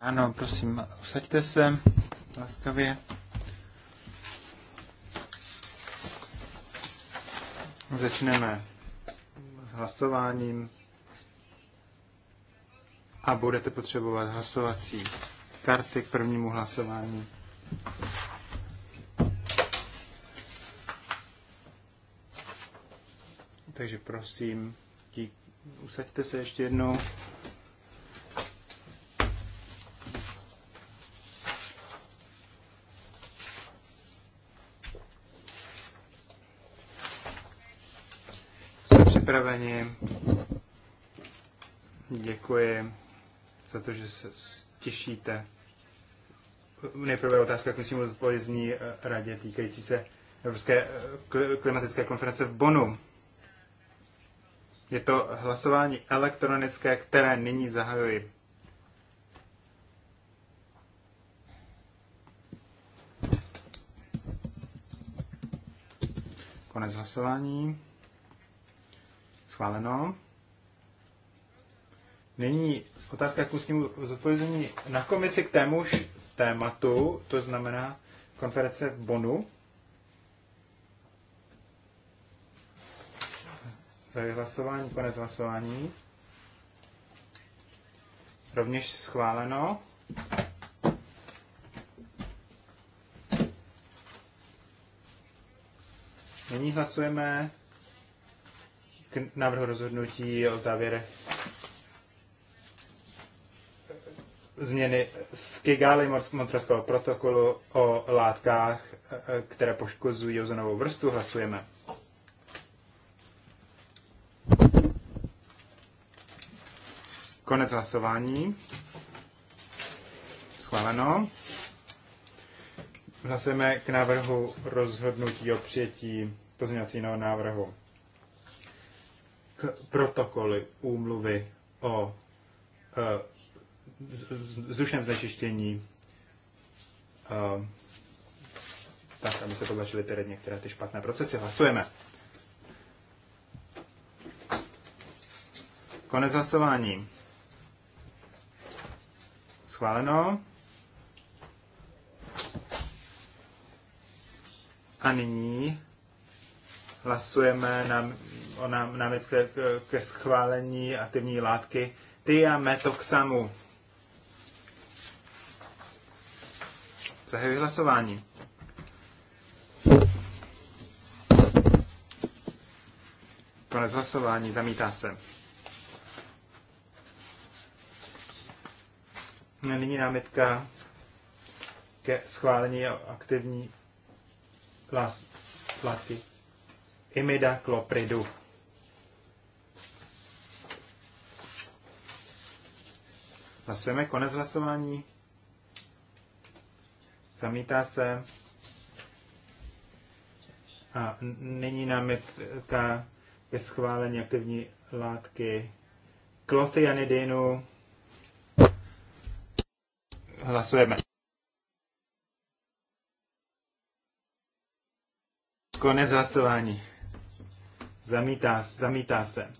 Ano, prosím, usaďte se laskavě. Začneme s hlasováním a budete potřebovat hlasovací karty k prvnímu hlasování. Takže prosím, usaďte se ještě jednou. děkuji za to, že se těšíte. Nejprve otázka myslím, odpovězní eh, radě týkající se Evropské eh, klimatické konference v Bonu. Je to hlasování elektronické, které nyní zahajuji. Konec hlasování. Schváleno. Nyní otázka k ústnímu zodpovězení na komisi k témuž tématu, to znamená konference v Bonu. Zahajuji hlasování, konec hlasování. Rovněž schváleno. Nyní hlasujeme k návrhu rozhodnutí o závěrech změny z Kigali Montreského protokolu o látkách, e, které poškozují ozonovou vrstu, hlasujeme. Konec hlasování. Schváleno. Hlasujeme k návrhu rozhodnutí o přijetí pozměňovacího návrhu k protokoly úmluvy o e, vzdušném znečištění, tak, aby se potlačily tedy některé ty špatné procesy. Hlasujeme. Konec hlasování. Schváleno. A nyní hlasujeme na, o námitce ke schválení aktivní látky tiametoxamu. Zahajuji hlasování. Konec hlasování, zamítá se. Není námitka ke schválení aktivní las, látky imida klopridu. Hlasujeme konec hlasování zamítá se. A není námitka ke schválení aktivní látky klotianidinu. Hlasujeme. Konec hlasování. Zamítá, zamítá se.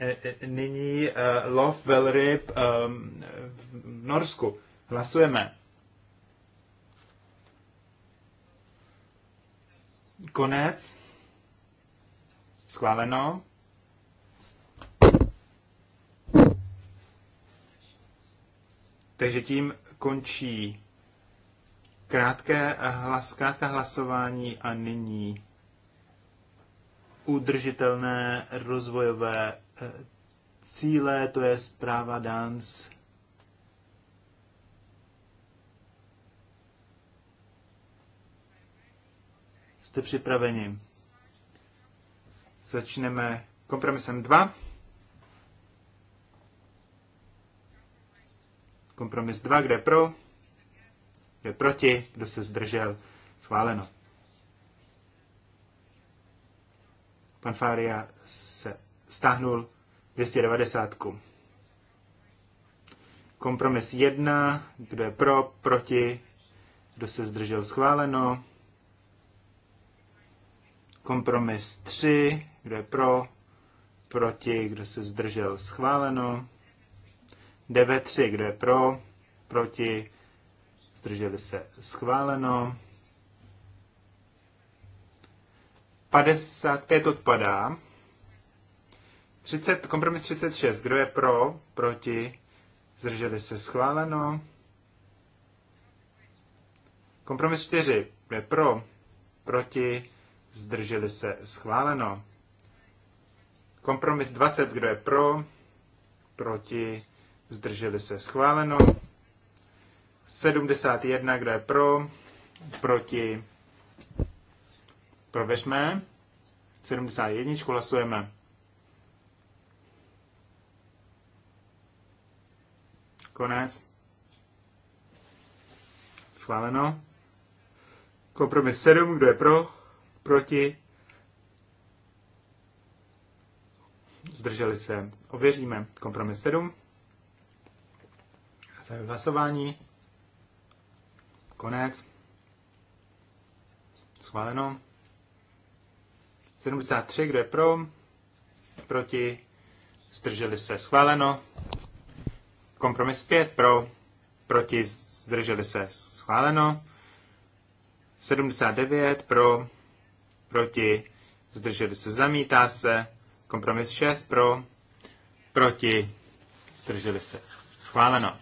E, e, nyní e, lov velryb v Norsku. Hlasujeme. Konec. Schváleno. Takže tím končí krátké hlas, krátká hlasování a nyní udržitelné rozvojové cíle, to je zpráva DANS. Jste připraveni? Začneme kompromisem 2. Kompromis 2, kde je pro, kde je proti, kdo se zdržel, schváleno. Pan Fária se stáhnul 290. Kompromis 1, kdo je pro, proti, kdo se zdržel schváleno. Kompromis 3, kdo je pro, proti, kdo se zdržel schváleno. 9.3, kdo je pro, proti, zdrželi se schváleno. 55 odpadá. 30, kompromis 36. Kdo je pro? Proti? Zdrželi se schváleno. Kompromis 4. Kdo je pro? Proti? Zdrželi se schváleno. Kompromis 20. Kdo je pro? Proti? Zdrželi se schváleno. 71. Kdo je pro? Proti? Prověřme. 71. Hlasujeme. Konec. Schváleno. Kompromis 7, kdo je pro? Proti? Zdrželi se. Ověříme. Kompromis 7. Zahajuji hlasování. Konec. Schváleno. 73, kdo je pro? Proti? Zdrželi se. Schváleno. Kompromis 5 pro, proti, zdrželi se, schváleno. 79 pro, proti, zdrželi se, zamítá se. Kompromis 6 pro, proti, zdrželi se, schváleno.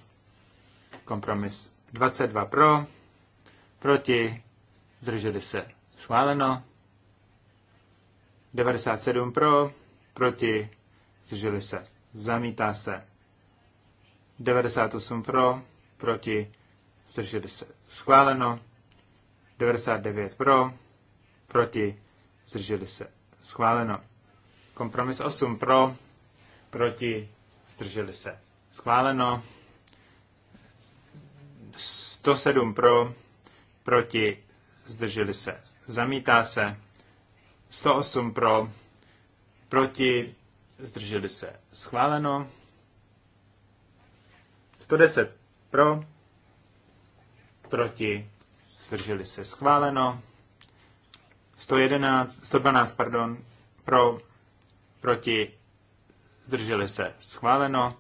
Kompromis 22 pro, proti, zdrželi se, schváleno. 97 pro, proti, zdrželi se, zamítá se. 98 pro, proti, zdrželi se schváleno. 99 pro, proti, zdrželi se schváleno. Kompromis 8 pro, proti, zdrželi se schváleno. 107 pro, proti, zdrželi se, zamítá se. 108 pro, proti, zdrželi se, schváleno. 110 pro, proti, zdrželi se schváleno. 111, 112, pardon, pro, proti, zdrželi se schváleno.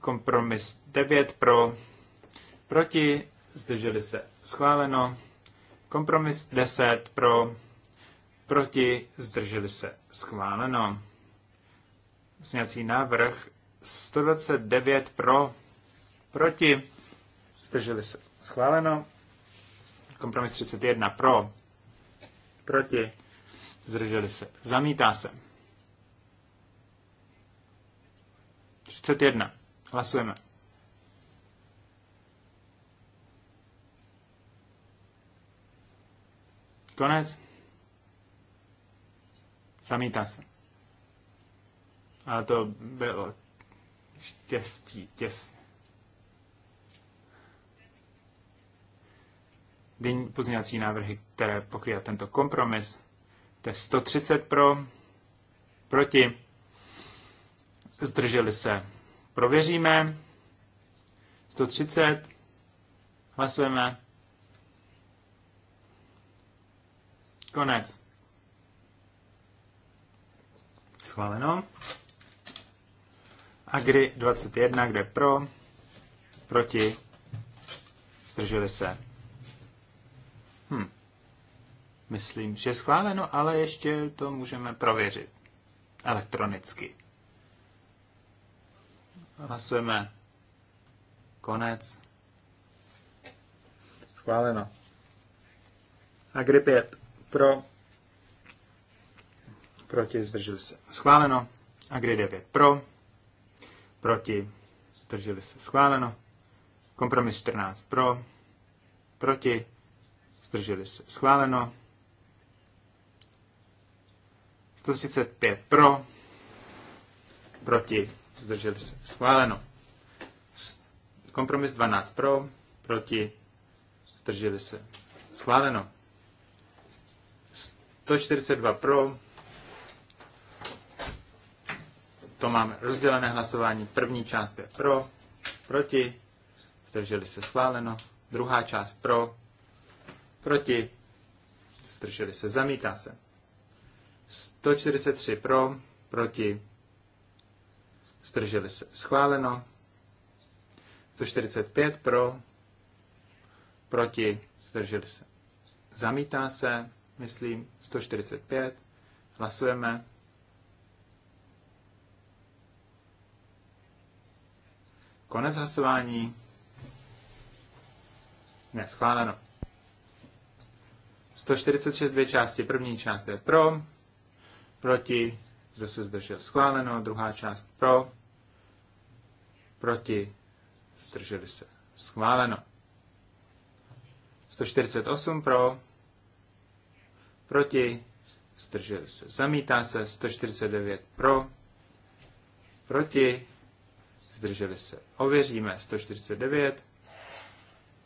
Kompromis 9 pro, proti, zdrželi se schváleno. Kompromis 10 pro, proti, zdrželi se schváleno. Sněcí návrh 129 pro, proti, zdrželi se. Schváleno. Kompromis 31 pro, proti, zdrželi se. Zamítá se. 31. Hlasujeme. Konec. Zamítá se. Ale to bylo štěstí, těsně. Denní pozměňovací návrhy, které pokrývá tento kompromis, to je 130 pro, proti, zdrželi se. Prověříme. 130. Hlasujeme. Konec. Schváleno. Agri 21, kde pro, proti, zdrželi se. Hm. Myslím, že schváleno, ale ještě to můžeme prověřit elektronicky. Hlasujeme. Konec. Schváleno. Agri 5. Pro. Proti zdržel se. Schváleno. Agri 9. Pro proti, zdrželi se schváleno. Kompromis 14 pro, proti, zdrželi se schváleno. 135 pro, proti, zdrželi se schváleno. Kompromis 12 pro, proti, zdrželi se schváleno. 142 pro, to máme rozdělené hlasování. První část je pro, proti, zdrželi se schváleno. Druhá část pro, proti, zdrželi se, zamítá se. 143 pro, proti, zdrželi se, schváleno. 145 pro, proti, zdrželi se. Zamítá se, myslím, 145. Hlasujeme. Konec hlasování. Ne, schváleno. 146 dvě části. První část je pro, proti, kdo se zdržel schváleno, druhá část pro, proti, zdrželi se schváleno. 148 pro, proti, zdrželi se zamítá se, 149 pro, proti, zdrželi se. Ověříme 149,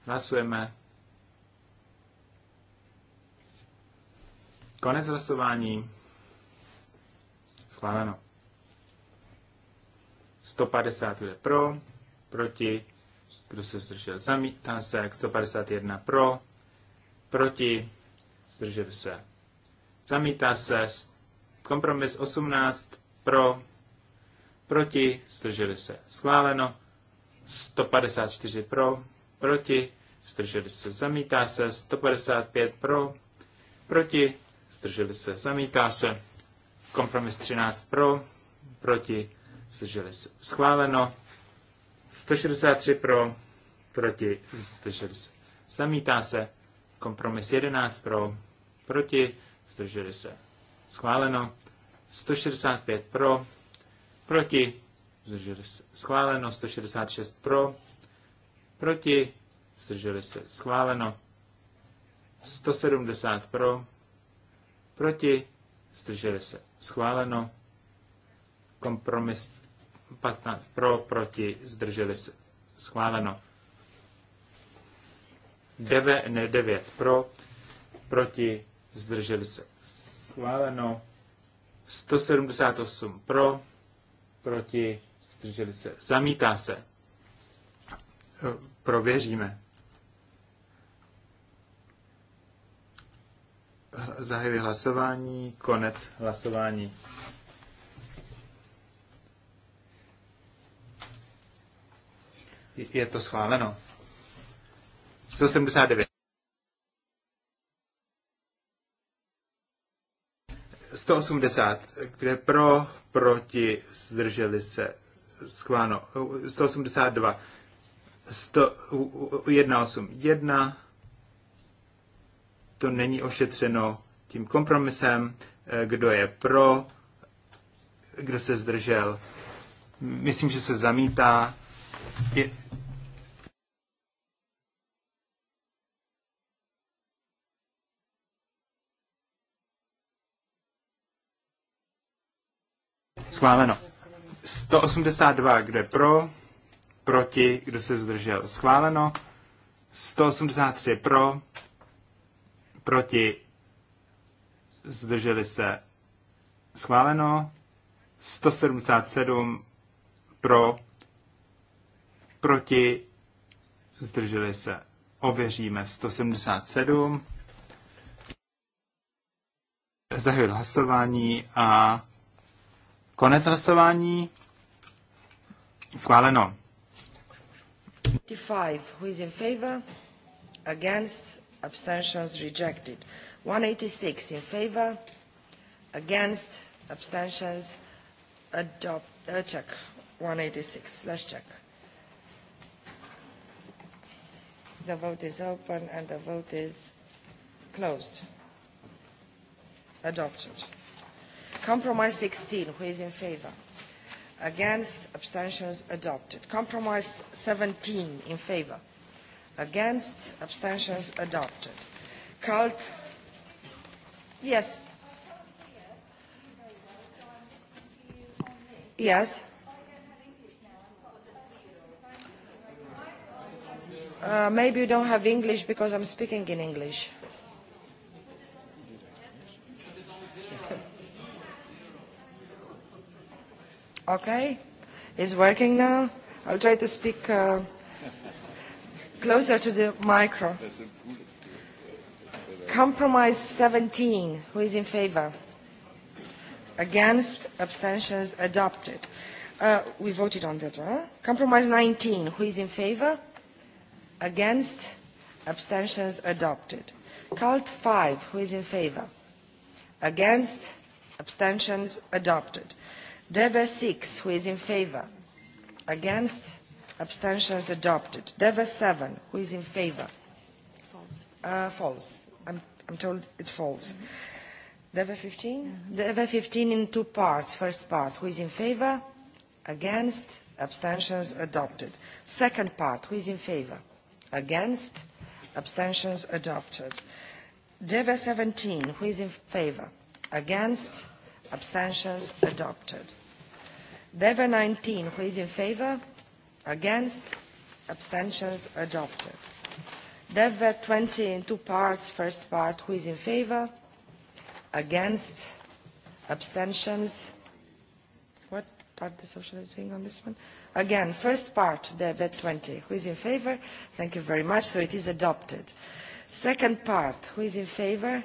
hlasujeme. Konec hlasování. Schváleno. 150 je pro, proti, kdo se zdržel, zamítá se, 151 pro, proti, zdržel se, zamítá se, kompromis 18 pro, proti, zdrželi se schváleno, 154 pro, proti, zdrželi se zamítá se, 155 pro, proti, zdrželi se zamítá se, kompromis 13 pro, proti, zdrželi se schváleno, 163 pro, proti, zdrželi se zamítá se, kompromis 11 pro, proti, zdrželi se schváleno, 165 pro, proti, zdrželi se schváleno, 166 pro, proti, zdrželi se schváleno, 170 pro, proti, zdrželi se schváleno, kompromis 15 pro, proti, zdrželi se schváleno, 9, ne, 9 pro, proti, zdrželi se schváleno, 178 pro, proti, zdrželi se, zamítá se. Prověříme. Zahajuji hlasování, konec hlasování. Je to schváleno. 179. 180, kde pro, proti, zdrželi se, schváleno. 182, 100, 181, to není ošetřeno tím kompromisem, eh, kdo je pro, kdo se zdržel. Myslím, že se zamítá. Schváleno. 182, kdo je pro, proti, kdo se zdržel. Schváleno. 183 pro, proti, zdrželi se. Schváleno. 177 pro, proti, zdrželi se. Ověříme 177. Zahajuji hlasování a Konec hlasování. Schváleno. 55. Who is in favor? Against? Abstentions rejected. 186 in favor? Against? Abstentions adopt, uh, check. 186. Let's check. The vote is open and the vote is closed. Adopted. Compromise 16, who is in favor? Against, abstentions adopted. Compromise 17, in favor? Against, abstentions adopted. Cult, yes. Yes. Uh, maybe you don't have English because I'm speaking in English. Okay, it's working now. I'll try to speak uh, closer to the micro. Compromise 17, who is in favor? Against, abstentions adopted. Uh, we voted on that one. Compromise 19, who is in favor? Against, abstentions adopted. Cult 5, who is in favor? Against, abstentions adopted. Uh, Deve 6, who is in favour, Against? Abstentions adopted. Deve 7, who is in favour, False. Uh, false. I'm, I'm told it falls. Mm-hmm. Deve 15? Mm-hmm. Deve 15 in two parts. First part, who is in favour, Against? Abstentions adopted. Second part, who is in favour, Against? Abstentions adopted. Deve 17, who is in favour, Against? Abstentions adopted. Deva 19, who is in favor? Against? Abstentions adopted. Deva 20 in two parts. First part, who is in favor? Against? Abstentions? What part the Socialists doing on this one? Again, first part, Deva 20. Who is in favor? Thank you very much. So it is adopted. Second part, who is in favor?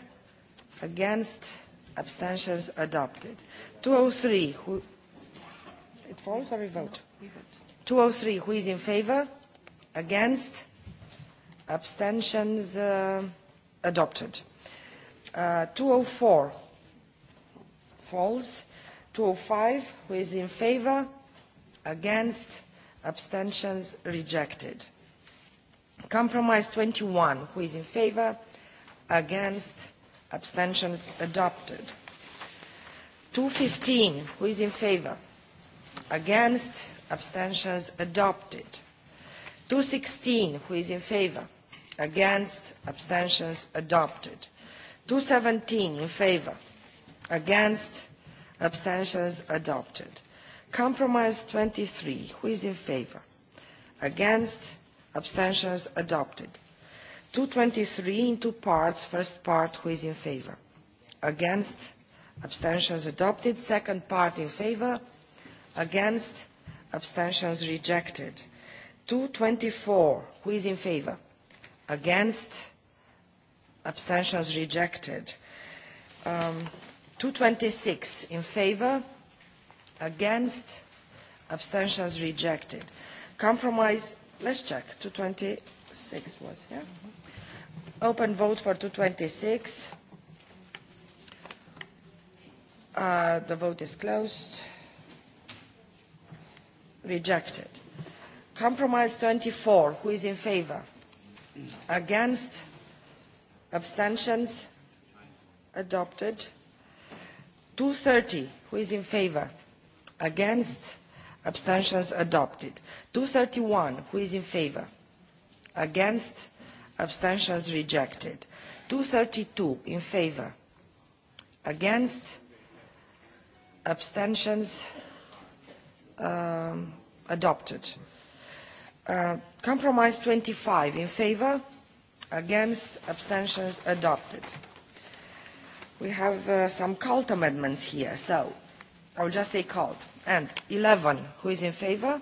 Against? Abstentions adopted. 203, who, It falls or we vote? We vote. 203, who is in favor? Against? Abstentions? Uh, adopted. Uh, 204, falls. 205, who is in favor? Against? Abstentions? Rejected. Compromise 21, who is in favor? Against? Abstentions? Adopted. 215, who is in favor? against abstentions adopted 216 who is in favor against abstentions adopted 217 in favor against abstentions adopted compromise 23 who is in favor against abstentions adopted 223 in two parts first part who is in favor against abstentions adopted second part in favor against abstentions rejected 224 who is in favor against abstentions rejected um, 226 in favor against abstentions rejected compromise let's check 226 was yeah open vote for 226 uh, the vote is closed rejected compromise twenty four who is in favour against abstentions adopted two thirty who is in favour against abstentions adopted two thirty one who is in favour against abstentions rejected two thirty two in favour against abstentions um, adopted. Uh, compromise 25 in favor, against, abstentions adopted. We have uh, some cult amendments here, so I'll just say cult. And 11, who is in favor,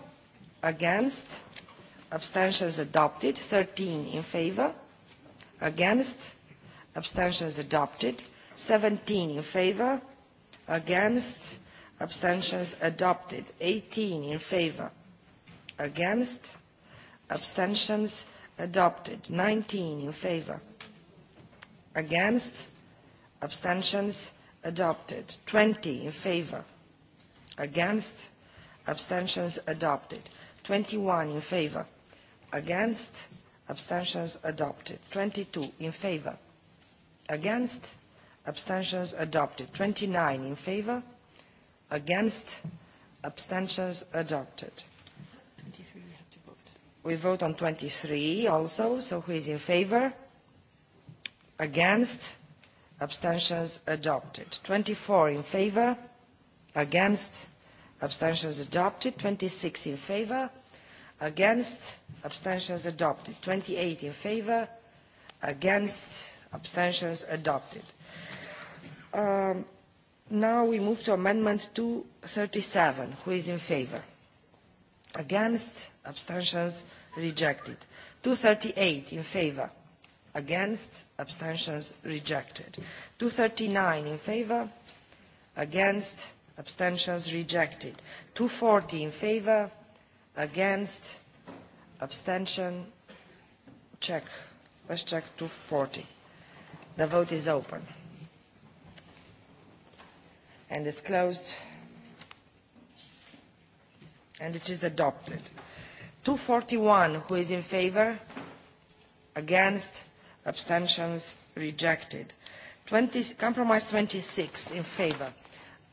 against, abstentions adopted. 13 in favor, against, abstentions adopted. 17 in favor, against, abstentions adopted 18 in favor against abstentions adopted 19 in favor against abstentions adopted 20 in favor against abstentions adopted 21 in favor against abstentions adopted 22 in favor against abstentions adopted 29 in favor against abstentions adopted we vote on 23 also so who is in favor against abstentions adopted 24 in favor against abstentions adopted 26 in favor against abstentions adopted 28 in favor against abstentions adopted um, Now we move to Amendment 237. Who is in favor? Against? Abstentions? Rejected. 238 in favor. Against? Abstentions? Rejected. 239 in favor. Against? Abstentions? Rejected. 240 in favor. Against? Abstention? Check. Let's check 240. The vote is open and is closed and it is adopted 241 who is in favor against abstentions rejected 20 compromise 26 in favor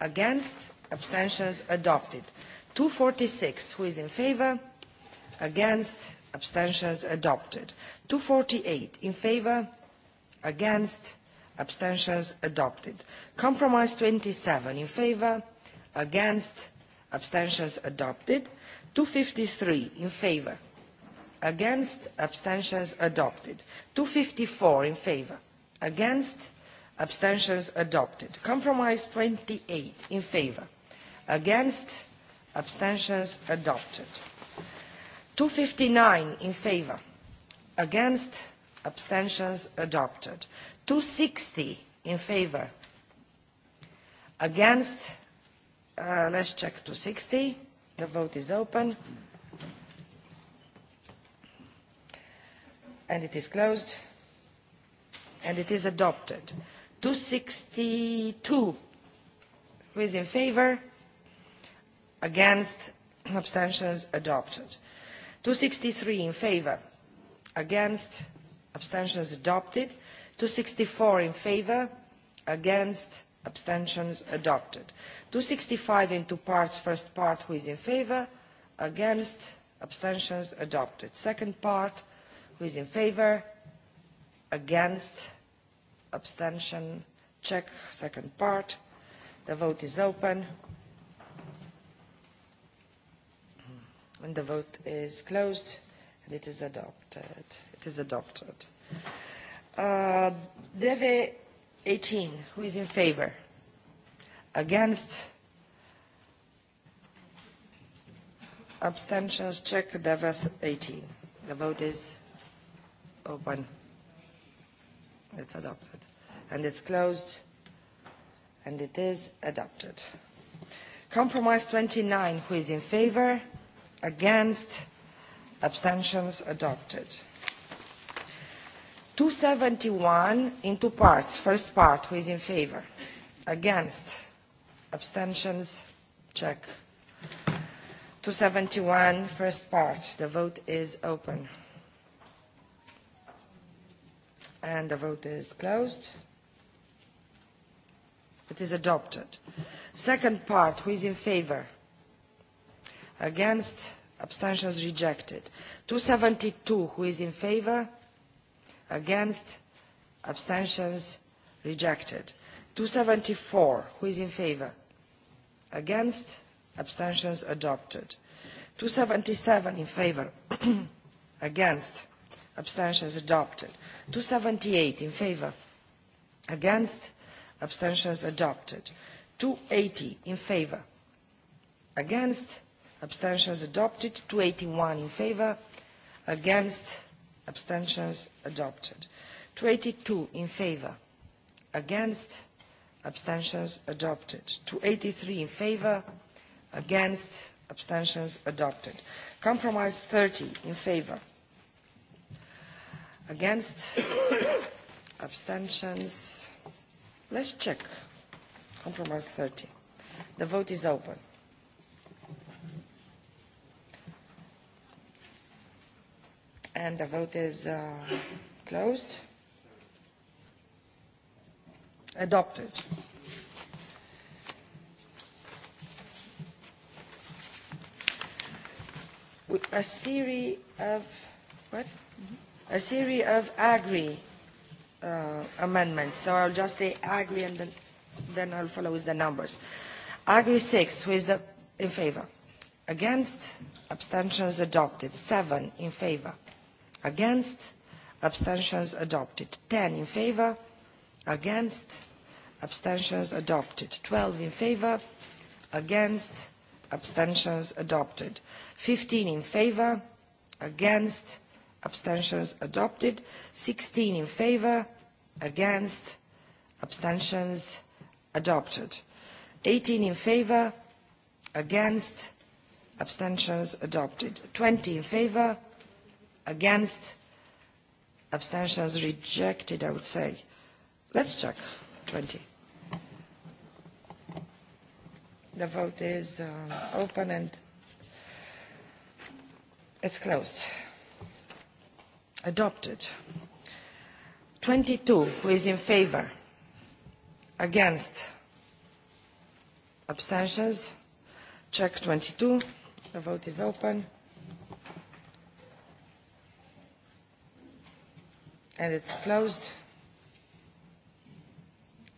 against abstentions adopted 246 who is in favor against abstentions adopted 248 in favor against abstentions adopted compromise 27 in favor against abstentions adopted 253 in favor against abstentions adopted 254 in favor against abstentions adopted compromise 28 in favor against abstentions adopted 259 in favor against abstentions adopted 260 in favor. Against, uh, let's check 260. The vote is open. And it is closed. And it is adopted. 262. Who is in favor? Against, abstentions adopted. 263 in favor. Against, abstentions adopted sixty four in favour against abstentions adopted two hundred and sixty five in two parts first part who is in favour against abstentions adopted second part who is in favour against abstention check second part the vote is open and the vote is closed and it is adopted it is adopted Uh, Deve 18, who is in favor? Against? Abstentions? Check Deve 18. The vote is open. It's adopted. And it's closed. And it is adopted. Compromise 29, who is in favor? Against? Abstentions? Adopted. 271 in two parts. First part, who is in favor? Against? Abstentions? Check. 271, first part. The vote is open. And the vote is closed. It is adopted. Second part, who is in favor? Against? Abstentions rejected. 272, who is in favor? against abstentions rejected 274 who is in favor against abstentions adopted 277 in favor against abstentions adopted 278 in favor against abstentions adopted 280 in favor against abstentions adopted 281 in favor against abstentions adopted 282 in favour, against abstentions adopted 283 in favour, against abstentions adopted compromise 30 in favour. against abstentions let's check compromise 30 the vote is open And the vote is uh, closed. Adopted. A series of what? A series of agri uh, amendments. So I'll just say agri and then, then I'll follow with the numbers. Agri six. who is the, in favor? Against? Abstentions adopted. Seven in favor against abstentions adopted 10 in favor against abstentions adopted 12 in favor against abstentions adopted 15 in favor against abstentions adopted 16 in favor against abstentions adopted 18 in favor against abstentions adopted 20 in favor Against? Abstentions rejected, I would say. Let's check. 20. The vote is um, open and it's closed. Adopted. 22, who is in favor? Against? Abstentions? Check 22. The vote is open. and it's closed.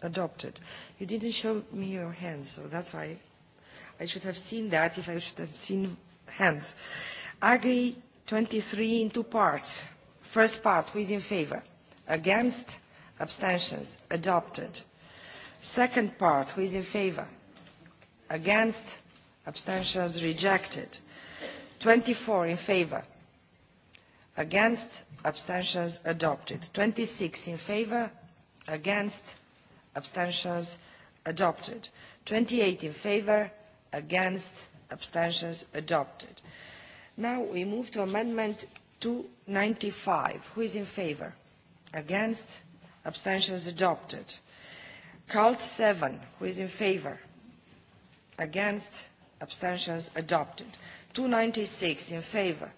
Adopted. You didn't show me your hands, so that's why I should have seen that if I should have seen hands. Agri 23 in two parts. First part, who is in favor? Against? Abstentions? Adopted. Second part, who is in favor? Against? Abstentions? Rejected. 24 in favor against abstentions adopted 26 in favor against abstentions adopted 28 in favor against abstentions adopted now we move to amendment 295 who is in favor against abstentions adopted cult 7 who is in favor against abstentions adopted 296 in favor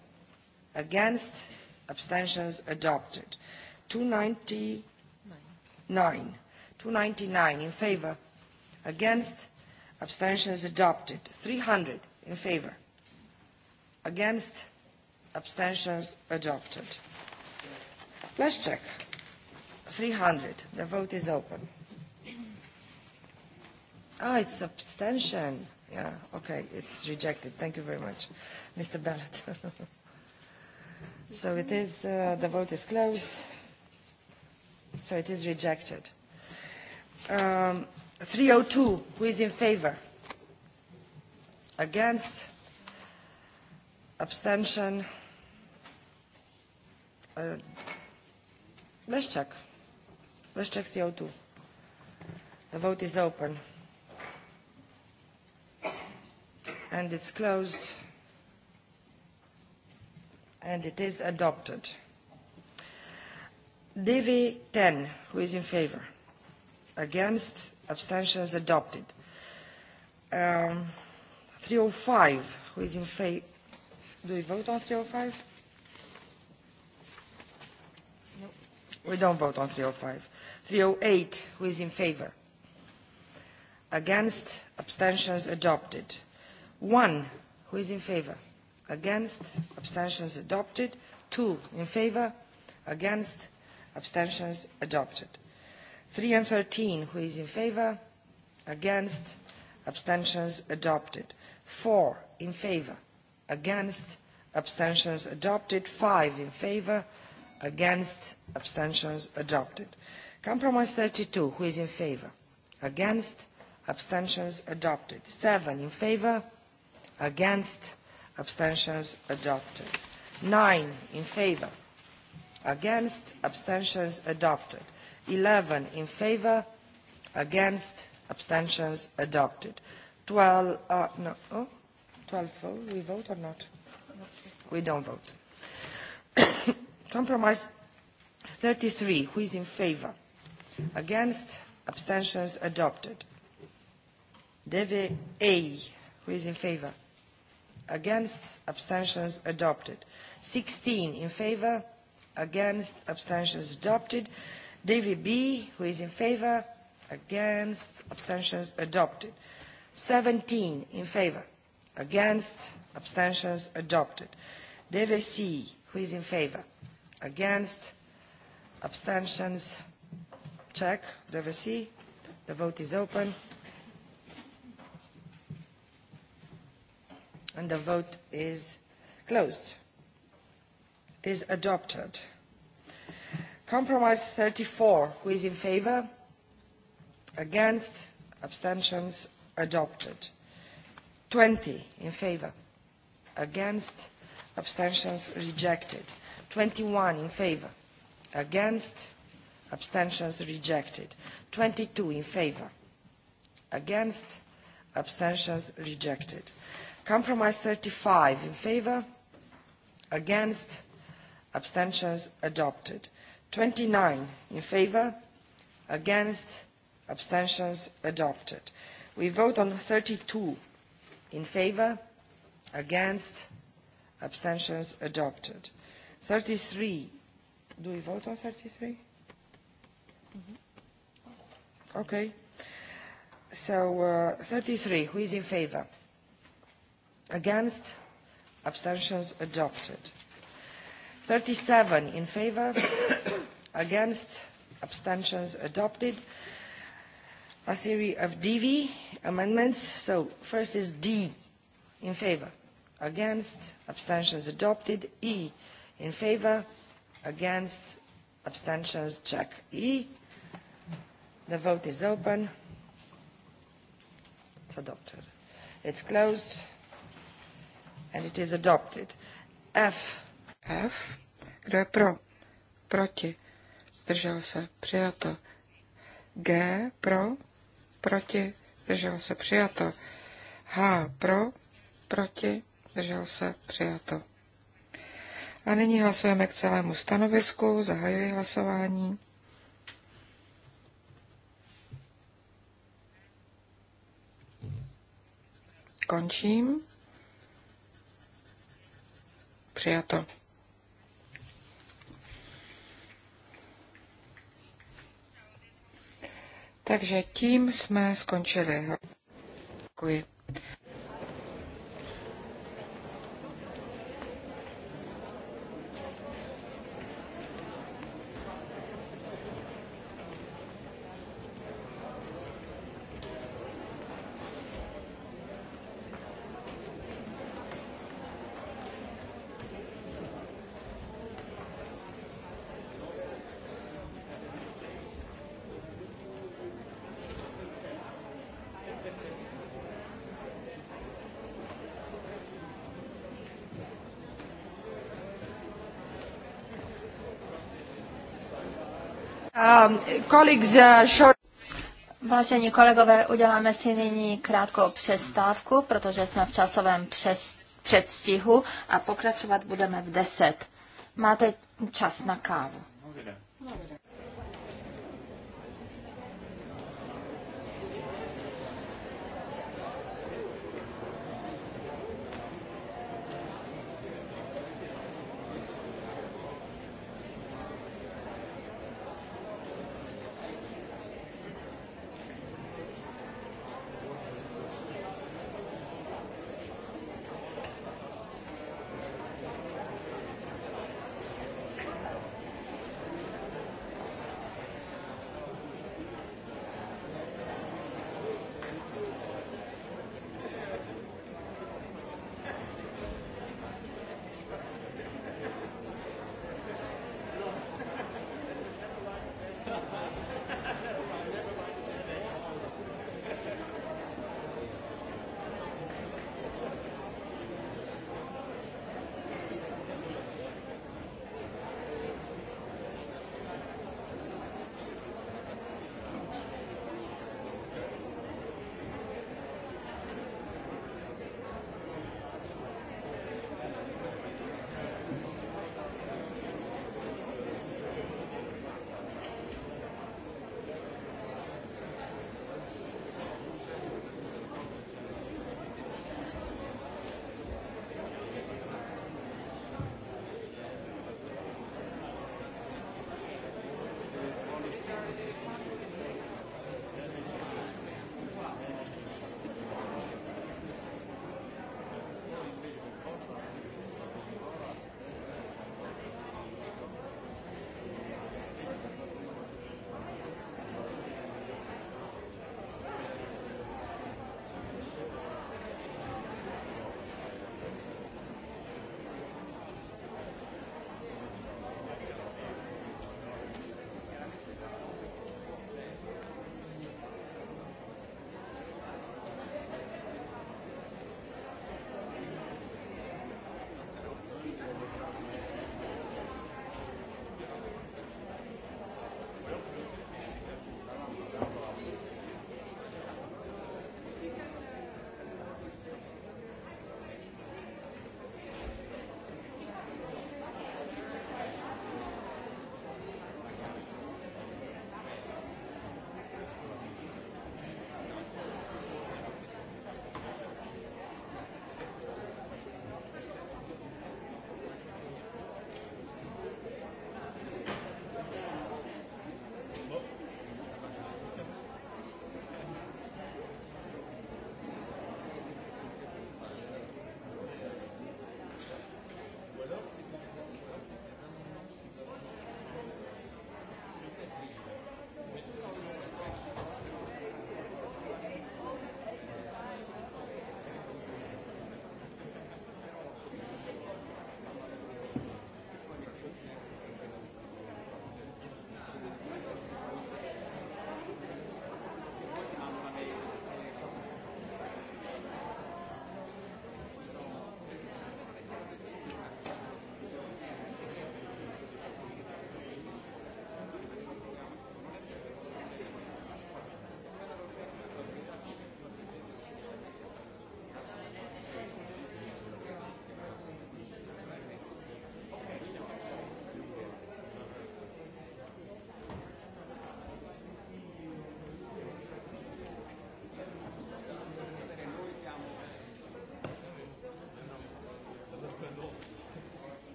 Against? Abstentions adopted. 299. 299 in favor. Against? Abstentions adopted. 300 in favor. Against? Abstentions adopted. Let's check. 300. The vote is open. Ah, it's abstention. Yeah, okay, it's rejected. Thank you very much, Mr. Bennett. So it is, uh, the vote is closed. So it is rejected. Um, 302, who is in favor? Against? Abstention? Uh, let's check. Let's check 302. The vote is open. And it's closed and it is adopted. DV 10, who is in favor? Against, abstentions adopted. Um, 305, who is in favor? Do we vote on 305? No. We don't vote on 305. 308, who is in favor? Against, abstentions adopted. 1, who is in favor? against abstentions adopted two in favor against abstentions adopted three and thirteen who is in favor against abstentions adopted four in favor against abstentions adopted five in favor against abstentions adopted compromise 32 who is in favor against abstentions adopted seven in favor against abstentions adopted. 9 in favor, against, abstentions adopted. 11 in favor, against, abstentions adopted. 12, uh, no, oh, 12 vote, we vote or not? We don't vote. Compromise 33, who is in favor? Against, abstentions adopted. Deve A, who is in favor? against abstentions adopted 16 in favor against abstentions adopted david b who is in favor against abstentions adopted 17 in favor against abstentions adopted david c who is in favor against abstentions check david c the vote is open and the vote is closed. It is adopted. Compromise 34, who is in favor? Against? Abstentions? Adopted. 20 in favor. Against? Abstentions? Rejected. 21 in favor. Against? Abstentions? Rejected. 22 in favor. Against? Abstentions? Rejected. Compromise 35 in favour, against, abstentions adopted. 29 in favour, against, abstentions adopted. We vote on 32 in favour, against, abstentions adopted. 33, do we vote on 33? Mm -hmm. yes. Okay. So uh, 33, who is in favour? Against? Abstentions adopted. 37 in favor. against? Abstentions adopted. A series of DV amendments. So first is D in favor. Against? Abstentions adopted. E in favor. Against? Abstentions check E. The vote is open. It's adopted. It's closed and it is adopted. F. F. Kdo je pro? Proti. Zdržel se. Přijato. G. Pro. Proti. Zdržel se. Přijato. H. Pro. Proti. Zdržel se. Přijato. A nyní hlasujeme k celému stanovisku. Zahajuji hlasování. Končím. Přijato. Takže tím jsme skončili. Děkuji. Um, uh, Vážení kolegové, uděláme si nyní krátkou přestávku, protože jsme v časovém přes, předstihu a pokračovat budeme v 10. Máte čas na kávu.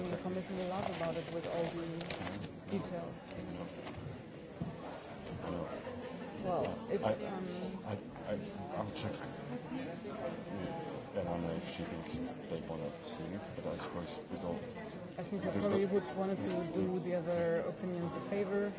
I mean, the Commission will laugh about it with all the details. Well, if I, um, I, I, I'll check with Elena if she thinks they want to see but I suppose we don't. I think I probably would want to do the other opinions a favor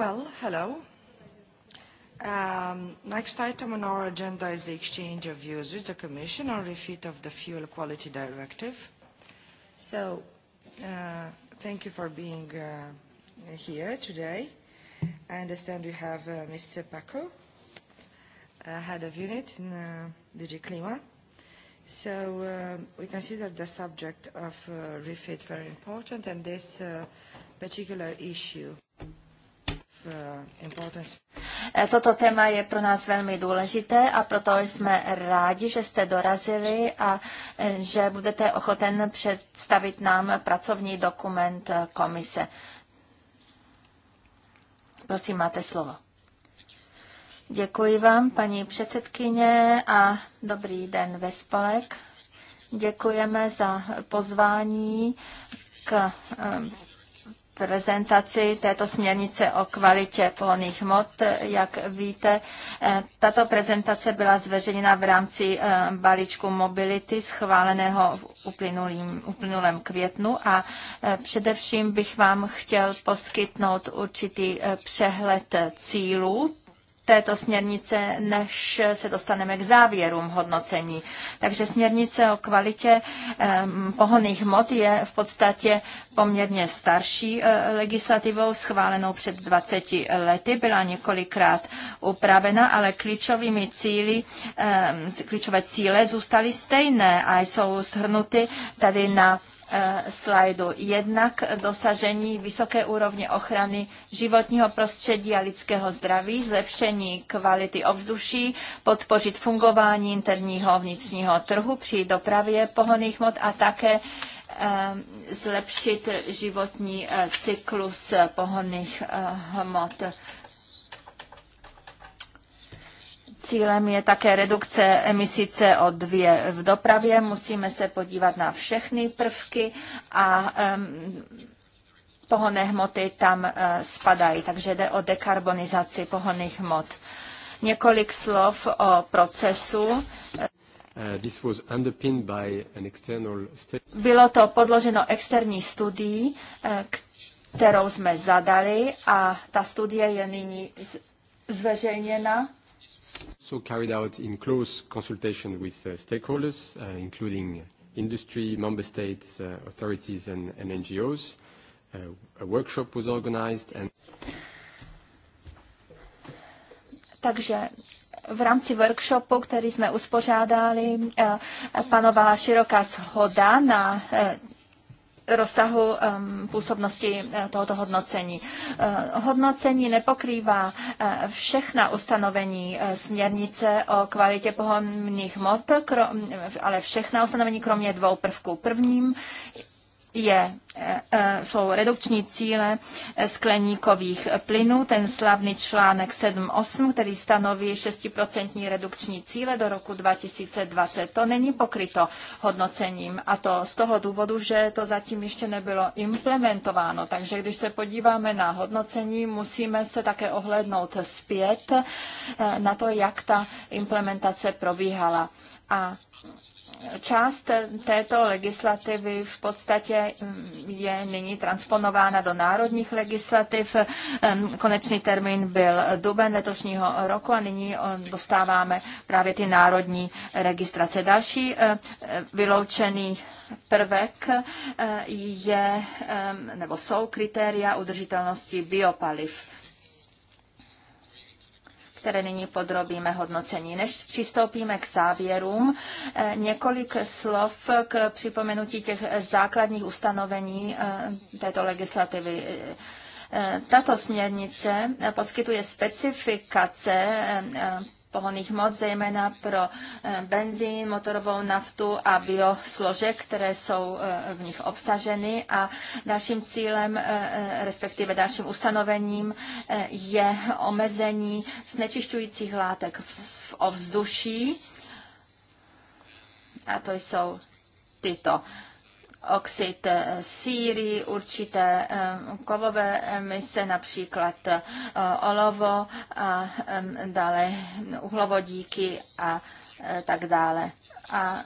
Well, hello. Um, next item on our agenda is the exchange of views with the Commission on refit of the Fuel Quality Directive. So, uh, thank you for being uh, here today. I understand we have uh, Mr. Paco, uh, head of unit in uh, DG Clima. So uh, we consider the subject of uh, refit very important and this uh, particular issue Eh, toto téma je pro nás velmi důležité a proto jsme rádi, že jste dorazili a eh, že budete ochoten představit nám pracovní dokument eh, komise. Prosím, máte slovo. Děkuji vám, paní předsedkyně, a dobrý den ve spolek. Děkujeme za pozvání k prezentaci této směrnice o kvalitě pohonných hmot. Jak víte, eh, tato prezentace byla zveřejněna v rámci eh, balíčku mobility schváleného v uplynulém květnu a eh, především bych vám chtěl poskytnout určitý přehled cílů této směrnice, než se dostaneme k závěrům hodnocení. Takže směrnice o kvalitě pohoných hmot je v podstatě poměrně starší e, legislativou, schválenou před 20 lety. Byla několikrát upravena, ale klíčovými cíly, klíčové cíle zůstaly stejné a jsou shrnuty tady na Eh, slajdu. Jednak dosažení vysoké úrovně ochrany životního prostředí a lidského zdraví, zlepšení kvality ovzduší, podpořit fungování interního vnitřního trhu při dopravě pohoných mod a také eh, zlepšit životní eh, cyklus pohonných hmot. Cílem je také redukce emisí CO2 v dopravě. Musíme se podívat na všechny prvky a um, pohonné hmoty tam uh, spadají, takže jde o dekarbonizaci pohonných hmot. Několik slov o procesu. Uh, Bylo to podloženo externí studií, e, kterou jsme zadali a ta studie je nyní zveřejněna also carried out in close consultation with uh, stakeholders, uh, including industry, member states, uh, authorities, and, and NGOs. Uh, a workshop was organized and Takže v rámci workshopu, který jsme uspořádali, uh, panovala široká shoda na uh, rozsahu působnosti eh, tohoto hodnocení. Eh, hodnocení nepokrývá eh, všechna ustanovení směrnice o kvalitě pohonných hmot, ale všechna ustanovení kromě dvou prvků. Prvním je, eh, eh, jsou redukční cíle eh, skleníkových plynů, ten slavný článek 7.8, který stanoví 6% redukční cíle do roku 2020. To není pokryto hodnocením a to z toho důvodu, že to zatím ještě nebylo implementováno. Takže když se podíváme na hodnocení, musíme se také ohlednout zpět na to, jak ta implementace probíhala. A Část této legislativy v podstatě je nyní transponována do národních legislativ. Konečný termín byl duben letošního roku a nyní dostáváme právě ty národní registrace. Další e, vyloučený prvek e, je, nebo jsou kritéria udržitelnosti biopaliv které nyní podrobíme hodnocení. Než přistoupíme k závěrům, eh, několik slov k připomenutí těch základních ustanovení eh, této legislativy. Eh, tato směrnice poskytuje specifikace pohoných hmot, zejména pro eh, benzín, motorovou naftu a biosložek, které jsou eh, v nich obsaženy. A naším cílem, eh, respektive dalším ustanovením, je omezení znečišťujících látek v ovzduší. A to jsou tyto oxid síry, určité eh, kovové emise, například eh, olovo a dále uhlovodíky a eh, tak dále. A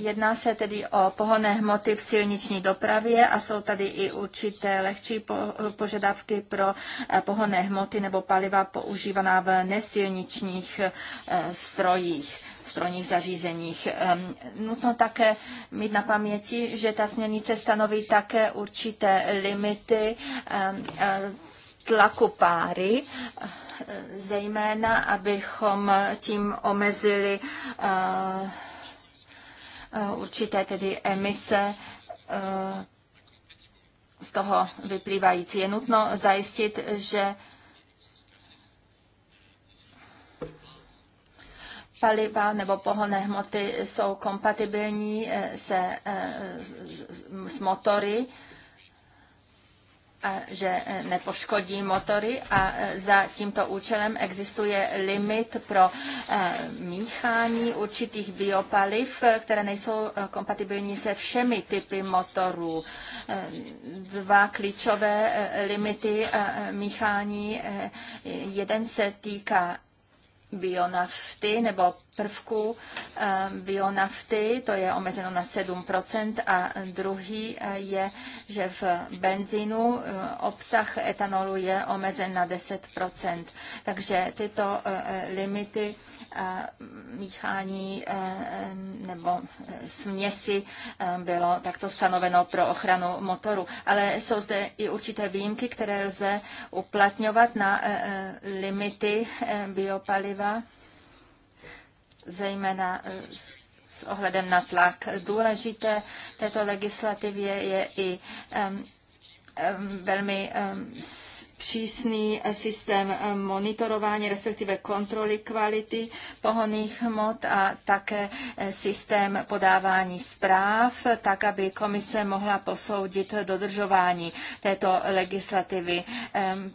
Jedná se tedy o pohonné hmoty v silniční dopravě a jsou tady i určité lehčí požadavky pro pohonné hmoty nebo paliva používaná v nesilničních strojích strojních zařízeních. Nutno také mít na paměti, že ta směrnice stanoví také určité limity e, tlaku páry, e, zejména abychom tím omezili e, určité tedy emise z toho vyplývající. Je nutno zajistit, že paliva nebo pohonné hmoty jsou kompatibilní eh, se, eh, s motory, a že eh, nepoškodí motory a za tímto účelem existuje limit pro míchání určitých biopaliv, které nejsou kompatibilní se všemi typy motorů. Dva klíčové limity míchání. Jeden se týká bionafty nebo prvku eh, bionafty, to je omezeno na 7%, a druhý eh, je, že v benzínu eh, obsah etanolu je omezen na 10%. Takže tyto limity míchání nebo směsi bylo takto stanoveno pro ochranu motoru. Ale jsou zde i určité výjimky, které lze uplatňovat na limity biopaliva zejména eh, s ohledem na tlak. Důležité této legislativě je i velmi přísný eh, systém eh, monitorování, respektive kontroly kvality pohoných hmot a také eh, systém podávání zpráv, tak aby komise mohla posoudit dodržování této legislativy.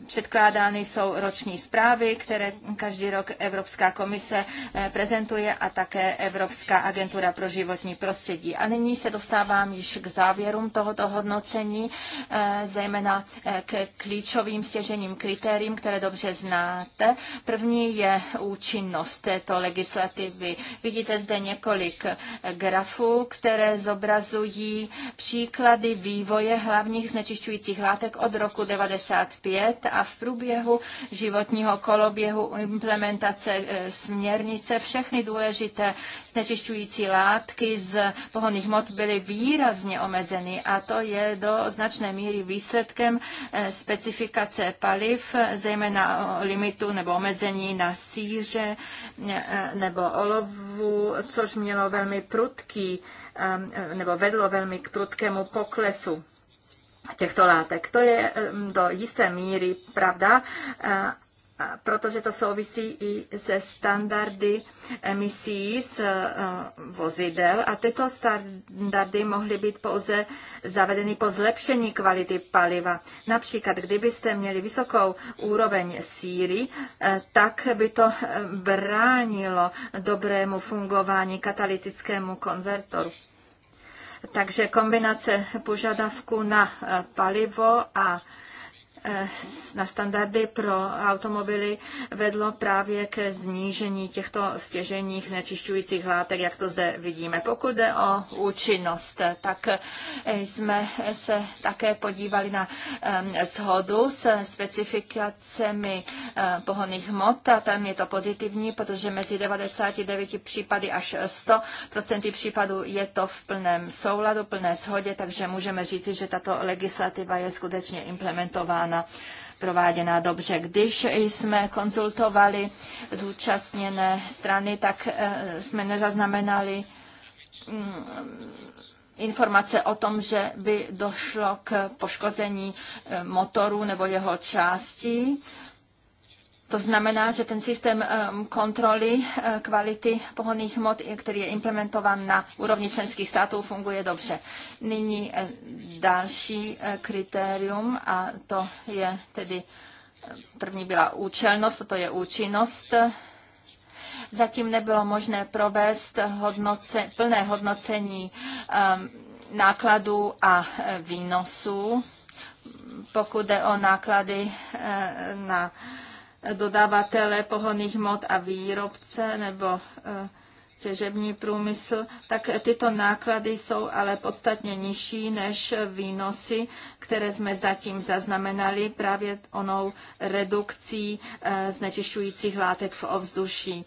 Předkládány jsou roční zprávy, které každý rok Evropská komise prezentuje a také Evropská agentura pro životní prostředí. A nyní se dostávám již k závěrům tohoto hodnocení, zejména k klíčovým stěžením kritériím, které dobře znáte. První je účinnost této legislativy. Vidíte zde několik grafů, které zobrazují příklady vývoje hlavních znečišťujících látek od roku 1995 a v průběhu životního koloběhu implementace eh, směrnice všechny důležité znečišťující látky z pohonných hmot byly výrazně omezeny a to je do značné míry výsledkem eh, specifikace produkce paliv, zejména limitu nebo omezení na síře eh, nebo olovu, což mělo velmi prudký eh, nebo vedlo velmi k prudkému poklesu těchto látek. To je eh, do jisté míry pravda, protože to souvisí i se standardy emisí z eh, vozidel a tyto standardy mohly být pouze zavedeny po zlepšení kvality paliva. Například, kdybyste měli vysokou úroveň síry, eh, tak by to eh, bránilo dobrému fungování katalytickému konvertoru. Takže kombinace požadavku na palivo a Eh, na standardy pro automobily vedlo právě ke znížení těchto stěženích znečišťujících látek, jak to zde vidíme. Pokud jde o účinnost, tak eh, jsme se také podívali na shodu s specifikacemi eh, pohonných hmot a tam je to pozitivní, protože mezi 99 případy až 100% případů je to v plném souladu, plné shodě, takže můžeme říci, že tato legislativa je skutečně implementována prováděna prováděná dobře. Když jsme konzultovali zúčastněné strany, tak eh, jsme nezaznamenali mm, informace o tom, že by došlo k poškození eh, motoru nebo jeho části to znamená, že ten systém ehm, kontroly eh, kvality pohodných hmot, který je implementovan na úrovni členských států, funguje dobře. Nyní eh, další eh, kritérium a to je tedy první byla účelnost, to je účinnost. Zatím nebylo možné provést hodnoce, plné hodnocení ehm, nákladů a výnosů. Pokud jde o náklady na dodavatele pohoných mod a výrobce nebo eh, těžební průmysl, tak tyto náklady jsou ale podstatně nižší než výnosy, které jsme zatím zaznamenali právě onou redukcí eh, znečišťujících látek v ovzduší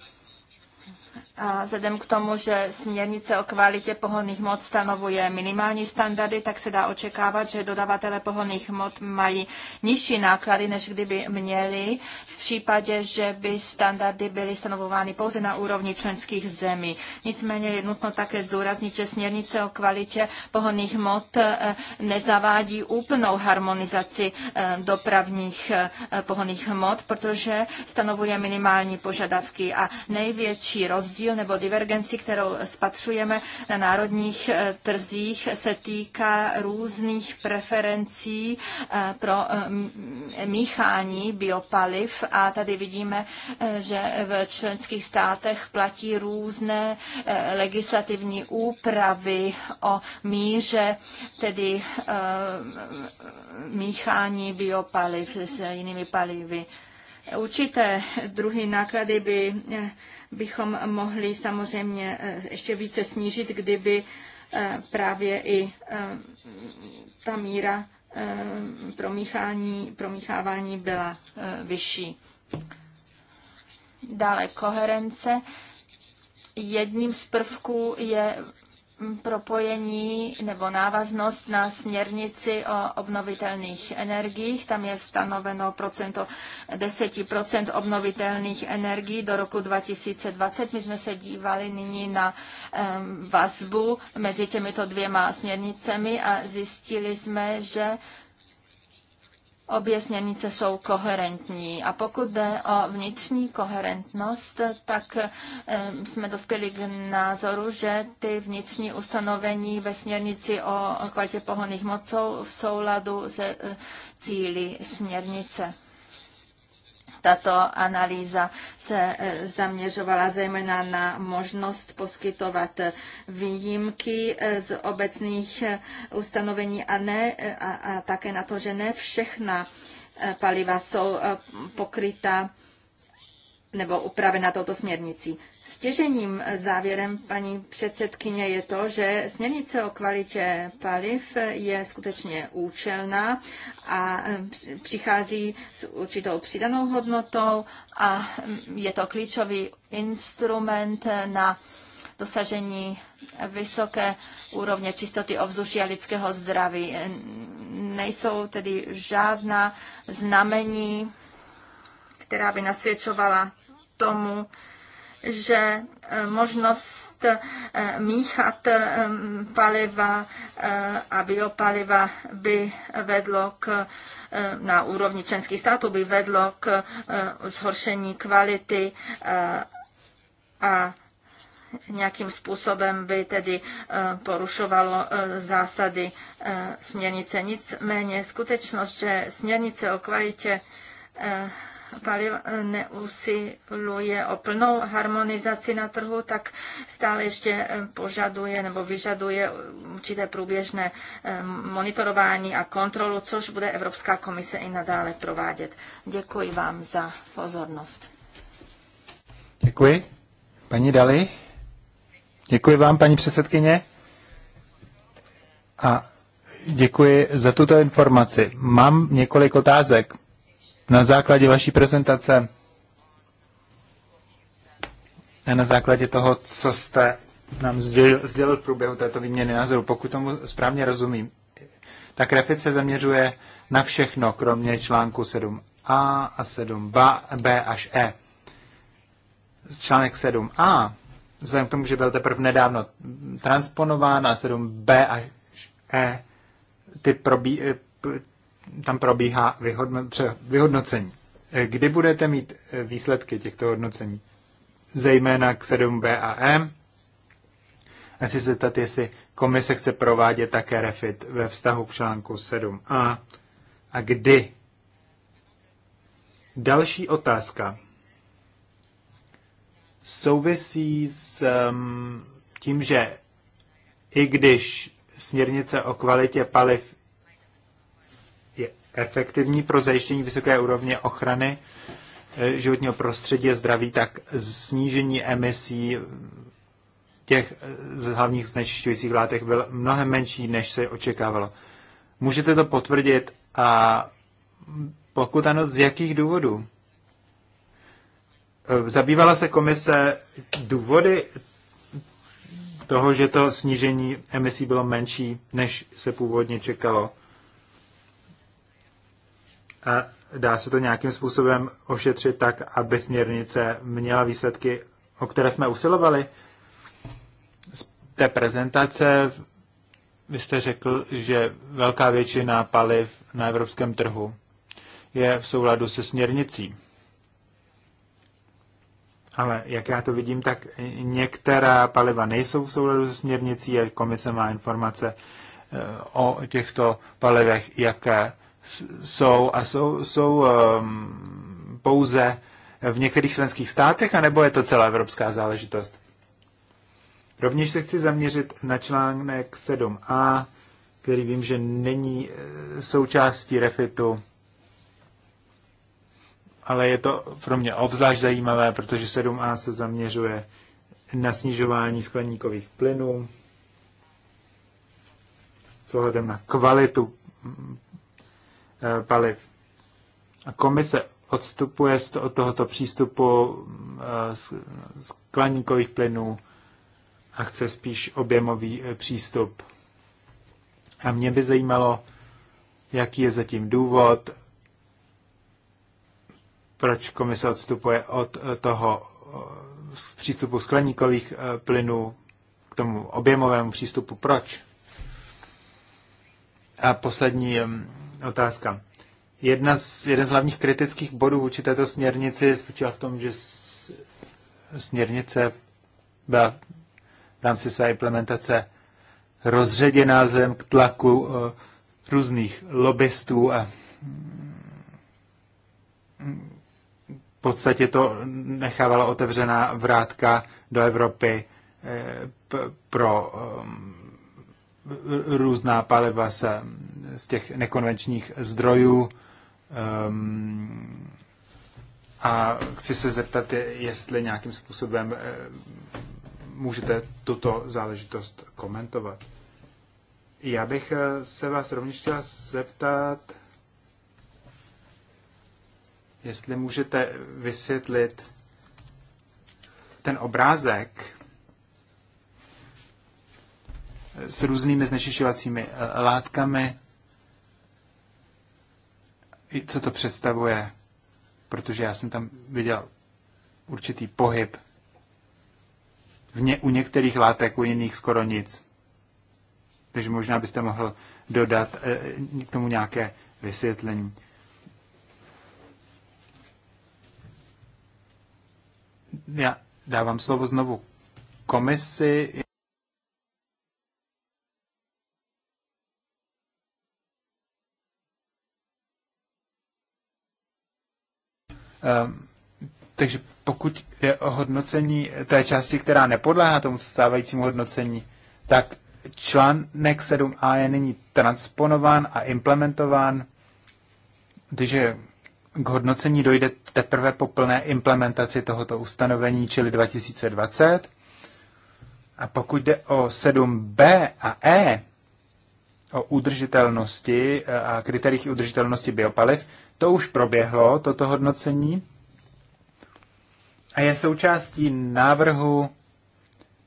vzhledem k tomu, že směrnice o kvalitě pohonných hmot stanovuje minimální standardy, tak se dá očekávat, že dodavatele pohonných hmot mají nižší náklady, než kdyby měli v případě, že by standardy byly stanovovány pouze na úrovni členských zemí. Nicméně je nutno také zdůraznit, že směrnice o kvalitě pohonných hmot eh, nezavádí úplnou harmonizaci eh, dopravních eh, pohonných hmot, protože stanovuje minimální požadavky a největší rozdíl rozdíl nebo divergenci, kterou spatřujeme na národních eh, trzích, se týká různých preferencí eh, pro eh, míchání biopaliv a tady vidíme, že v členských státech platí různé legislativní úpravy o míře, tedy míchání biopaliv s jinými palivy. Určité druhy náklady by, eh, bychom mohli samozřejmě eh, ještě více snížit, kdyby eh, právě i ta míra promíchání, promíchávání byla vyšší. Dále koherence. Jedním z prvků je propojení nebo návaznost na směrnici o obnovitelných energiích. Tam je stanoveno procento 10% obnovitelných energií do roku 2020. My jsme se dívali nyní na vazbu mezi těmito dvěma směrnicemi a zjistili jsme, že Obě směrnice jsou koherentní a pokud jde o vnitřní koherentnost, tak jsme dospěli k názoru, že ty vnitřní ustanovení ve směrnici o kvalitě pohonných moc jsou v souladu se e, cíly směrnice. Tato analýza se e, zaměřovala zejména na možnost poskytovat výjimky e, z obecných e, ustanovení a, ne, a, a také na to, že ne všechna paliva jsou pokryta nebo upravena touto směrnicí. Stěžením závěrem paní předsedkyně je to, že směrnice o kvalitě paliv je skutečně účelná a eh, přichází s určitou přidanou hodnotou a mm, je to klíčový instrument na dosažení vysoké úrovně čistoty ovzduší a lidského zdraví. Nejsou tedy žádná znamení která by nasvědčovala tomu, že e, možnost e, míchat e, paliva a biopaliva by vedlo k, na úrovni členských států by vedlo k zhoršení kvality a nějakým způsobem by tedy porušovalo zásady směrnice. Nicméně skutečnost, že směrnice o kvalitě paliv neusiluje o plnou harmonizaci na trhu, tak stále ještě eh, požaduje nebo vyžaduje určité průběžné eh, monitorování a kontrolu, což bude Evropská komise i nadále provádět. Děkuji vám za pozornost. Děkuji. Paní Dali? Děkuji vám, paní předsedkyně. A děkuji za tuto informaci. Mám několik otázek na základě vaší prezentace a na základě toho, co jste nám sdělil, sdělil v průběhu této výměny názoru, pokud tomu správně rozumím, tak refit se zaměřuje na všechno, kromě článku 7a a 7b B až e. Článek 7a, vzhledem k tomu, že byl teprve nedávno transponován a 7b až e, ty probí, tam probíhá vyhodnocení. Eh, kdy budete mít eh, výsledky těchto hodnocení? Zejména k 7B a M. A se tady, jestli komise chce provádět také refit ve vztahu k článku 7a a kdy. Další otázka souvisí s um, tím, že i když směrnice o kvalitě paliv efektivní pro zajištění vysoké úrovně ochrany eh, životního prostředí a zdraví, tak snížení emisí těch eh, hlavních znečišťujících látek byl mnohem menší, než se očekávalo. Můžete to potvrdit a pokud ano, z jakých důvodů? Eh, zabývala se komise důvody toho, že to snížení emisí bylo menší, než se původně čekalo? dá se to nějakým způsobem ošetřit tak, aby směrnice měla výsledky, o které jsme usilovali? Z té prezentace vy jste řekl, že velká většina paliv na evropském trhu je v souladu se směrnicí. Ale jak já to vidím, tak některá paliva nejsou v souladu se směrnicí a komise má informace eh, o těchto palivech, jaké jsou a jsou, jsou um, pouze v některých členských státech, anebo je to celá evropská záležitost? Rovněž se chci zaměřit na článek 7a, který vím, že není eh, součástí refitu, ale je to pro mě obzvlášť zajímavé, protože 7a se zaměřuje na snižování skleníkových plynů s ohledem na kvalitu Eh, paliv. A komise odstupuje od tohoto přístupu eh, skleníkových plynů a chce spíš objemový eh, přístup. A mě by zajímalo, jaký je zatím důvod, proč komise odstupuje od toho přístupu skleníkových plynů k tomu objemovému přístupu. Proč? A poslední mm, otázka. Jedna z, jeden z hlavních kritických bodů vůči této směrnici spočívá v tom, že směrnice byla v rámci své implementace rozředěná vzhledem k tlaku eh, různých lobbystů a mm, v podstatě to nechávala otevřená vrátka do Evropy eh, pro ehm, různá paliva se, z těch nekonvenčních zdrojů. Um, a chci se zeptat, jestli nějakým způsobem eh, můžete tuto záležitost komentovat. Já bych eh, se vás rovněž chtěla zeptat, jestli můžete vysvětlit ten obrázek, s různými znečišťovacími eh, látkami, co to představuje, protože já jsem tam viděl určitý pohyb. V ně, u některých látek, u jiných skoro nic. Takže možná byste mohl dodat eh, k tomu nějaké vysvětlení. Já dávám slovo znovu komisi. Ehm, takže pokud je o hodnocení té části, která nepodléhá tomu stávajícímu hodnocení, tak článek 7a je nyní transponován a implementován, takže k hodnocení dojde teprve po plné implementaci tohoto ustanovení, čili 2020. A pokud jde o 7b a e, o udržitelnosti eh, a kritériích udržitelnosti biopaliv. To už proběhlo, toto hodnocení, a je součástí návrhu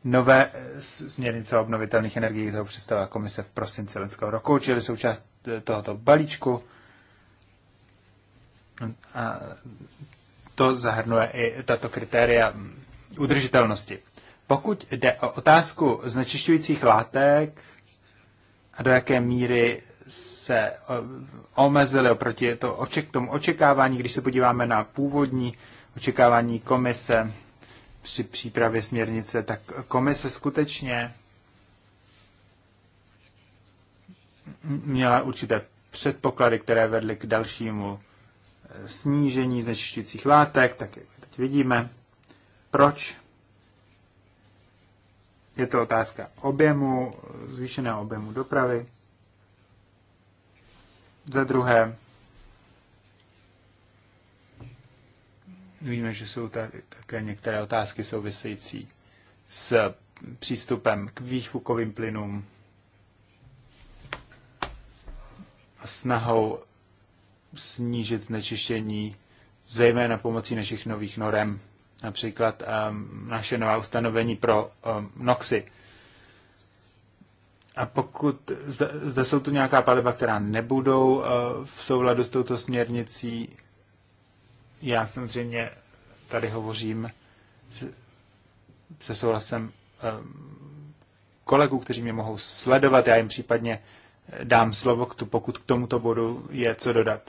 nové eh, směrnice obnovitelných energií kterou představila komise v prosinci lidského roku, čili součást eh, tohoto balíčku. A to zahrnuje i tato kritéria mm, udržitelnosti. Pokud jde o otázku znečišťujících látek, a do jaké míry se eh, omezily oproti to, oček tomu očekávání, když se podíváme na původní očekávání komise při přípravě směrnice, tak komise skutečně měla určité předpoklady, které vedly k dalšímu eh, snížení znečišťujících látek, tak jak teď vidíme. Proč je to otázka objemu, zvýšeného objemu dopravy. Za druhé, víme, že jsou tady také některé otázky související s přístupem k výfukovým plynům a snahou snížit znečištění, zejména pomocí našich nových norem například ehm, naše nová ustanovení pro ehm, NOXy. A pokud zde, zde jsou tu nějaká paliva, která nebudou eh, v souladu s touto směrnicí, já samozřejmě tady hovořím se souhlasem ehm, kolegů, kteří mě mohou sledovat, já jim případně eh, dám slovo, pokud k tomuto bodu je co dodat.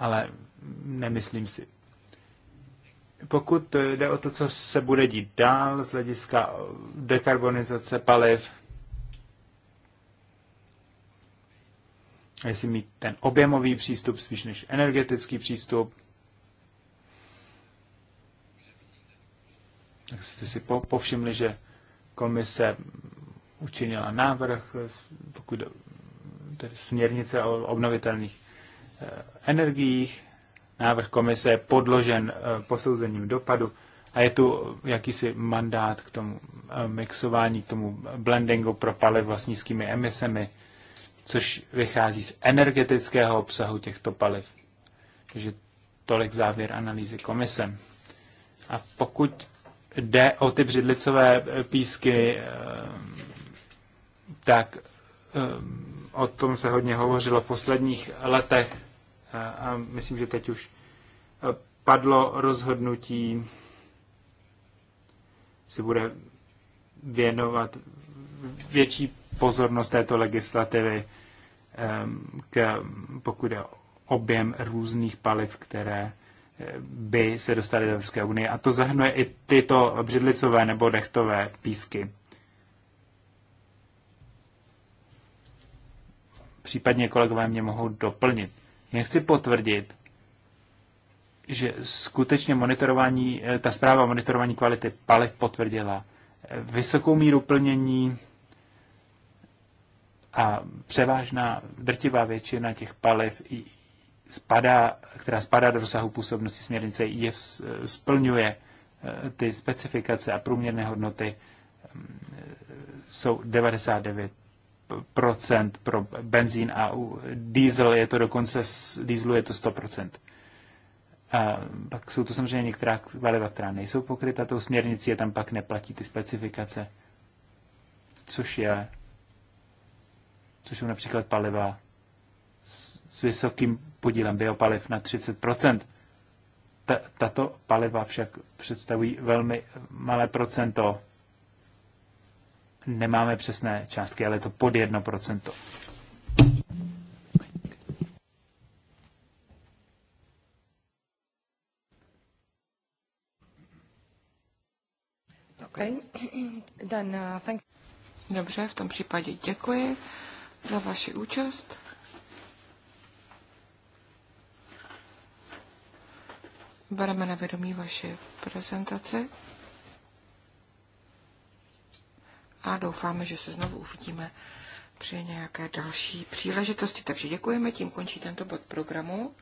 Ale nemyslím si, pokud jde o to, co se bude dít dál z hlediska dekarbonizace paliv, jestli mít ten objemový přístup spíš než energetický přístup, tak jste si povšimli, že komise učinila návrh, pokud tedy směrnice o obnovitelných eh, energiích, návrh komise je podložen eh, posouzením dopadu a je tu jakýsi mandát k tomu eh, mixování, k tomu blendingu pro paliva s nízkými emisemi, což vychází z energetického obsahu těchto paliv. Takže tolik závěr analýzy komise. A pokud jde o ty břidlicové eh, písky, tak o tom se hodně hovořilo v posledních letech a myslím, že teď už padlo rozhodnutí, si bude věnovat větší pozornost této legislativy, k, pokud je objem různých paliv, které eh, by se dostaly do Evropské unie. A to zahrnuje i tyto břidlicové nebo dechtové písky. Případně kolegové mě mohou doplnit. Jen chci potvrdit, že skutečně monitorování, eh, ta zpráva o monitorování kvality paliv potvrdila eh, vysokou míru plnění a převážná drtivá většina těch paliv spadá, která spadá do rozsahu působnosti směrnice, je eh, splňuje ty specifikace a průměrné hodnoty mm, jsou procent pro benzín a u diesel je to dokonce, dieselu je to 100%. A pak jsou tu samozřejmě některá paliva, která nejsou pokryta tou směrnicí a tam pak neplatí ty specifikace, což je, což jsou například paliva s, s vysokým podílem biopaliv na 30%. Ta, tato paliva však představují velmi malé procento Nemáme přesné částky, ale je to pod 1%. Okay. Then, uh, thank Dobře, v tom případě děkuji za vaši účast. Bereme na vědomí vaše prezentaci a doufáme, že se znovu uvidíme při nějaké další příležitosti. Takže děkujeme, tím končí tento bod programu.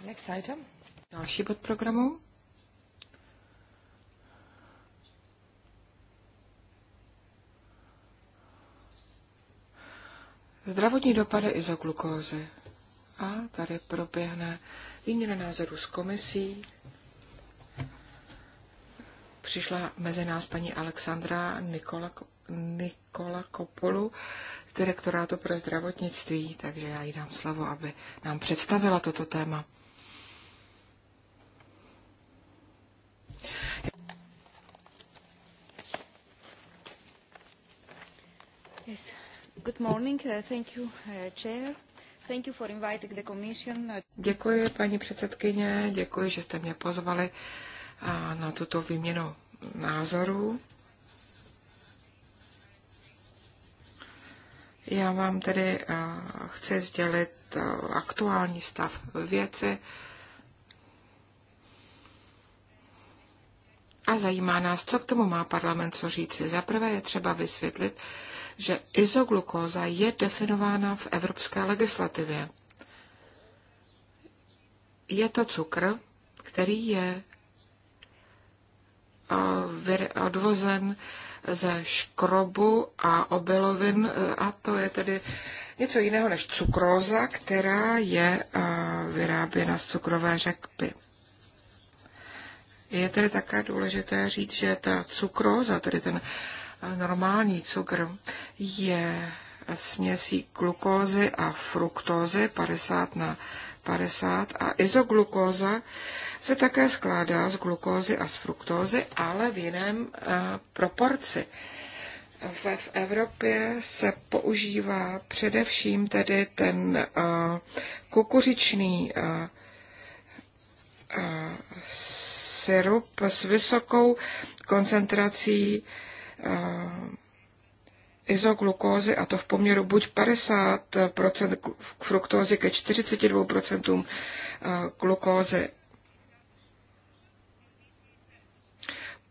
Next item. Další bod programu. zdravotní dopady izoglukózy. A tady proběhne výměna názorů s komisí. Přišla mezi nás paní Alexandra Nikola, Nikola Kopolu z Direktorátu pro zdravotnictví, takže já jí dám slovo, aby nám představila toto téma. Děkuji, paní předsedkyně, děkuji, že jste mě pozvali eh, na tuto výměnu názorů. Já vám tedy eh, chci sdělit eh, aktuální stav věci. A zajímá nás, co k tomu má parlament co říci. Zaprvé je třeba vysvětlit, že izoglukóza je definována v evropské legislativě. Je to cukr, který je eh, odvozen ze škrobu a obilovin eh, a to je tedy něco jiného než cukróza, která je eh, vyráběna z cukrové řekpy. Je tedy také důležité říct, že ta cukróza, tedy ten normální cukr je směsí glukózy a fruktózy 50 na 50 a izoglukóza se také skládá z glukózy a z fruktózy, ale v jiném eh, proporci. V, v Evropě se používá především tedy ten eh, kukuřičný eh, syrup s vysokou koncentrací Eh, izoglukózy a to v poměru buď 50% fruktózy ke 42% eh, glukózy.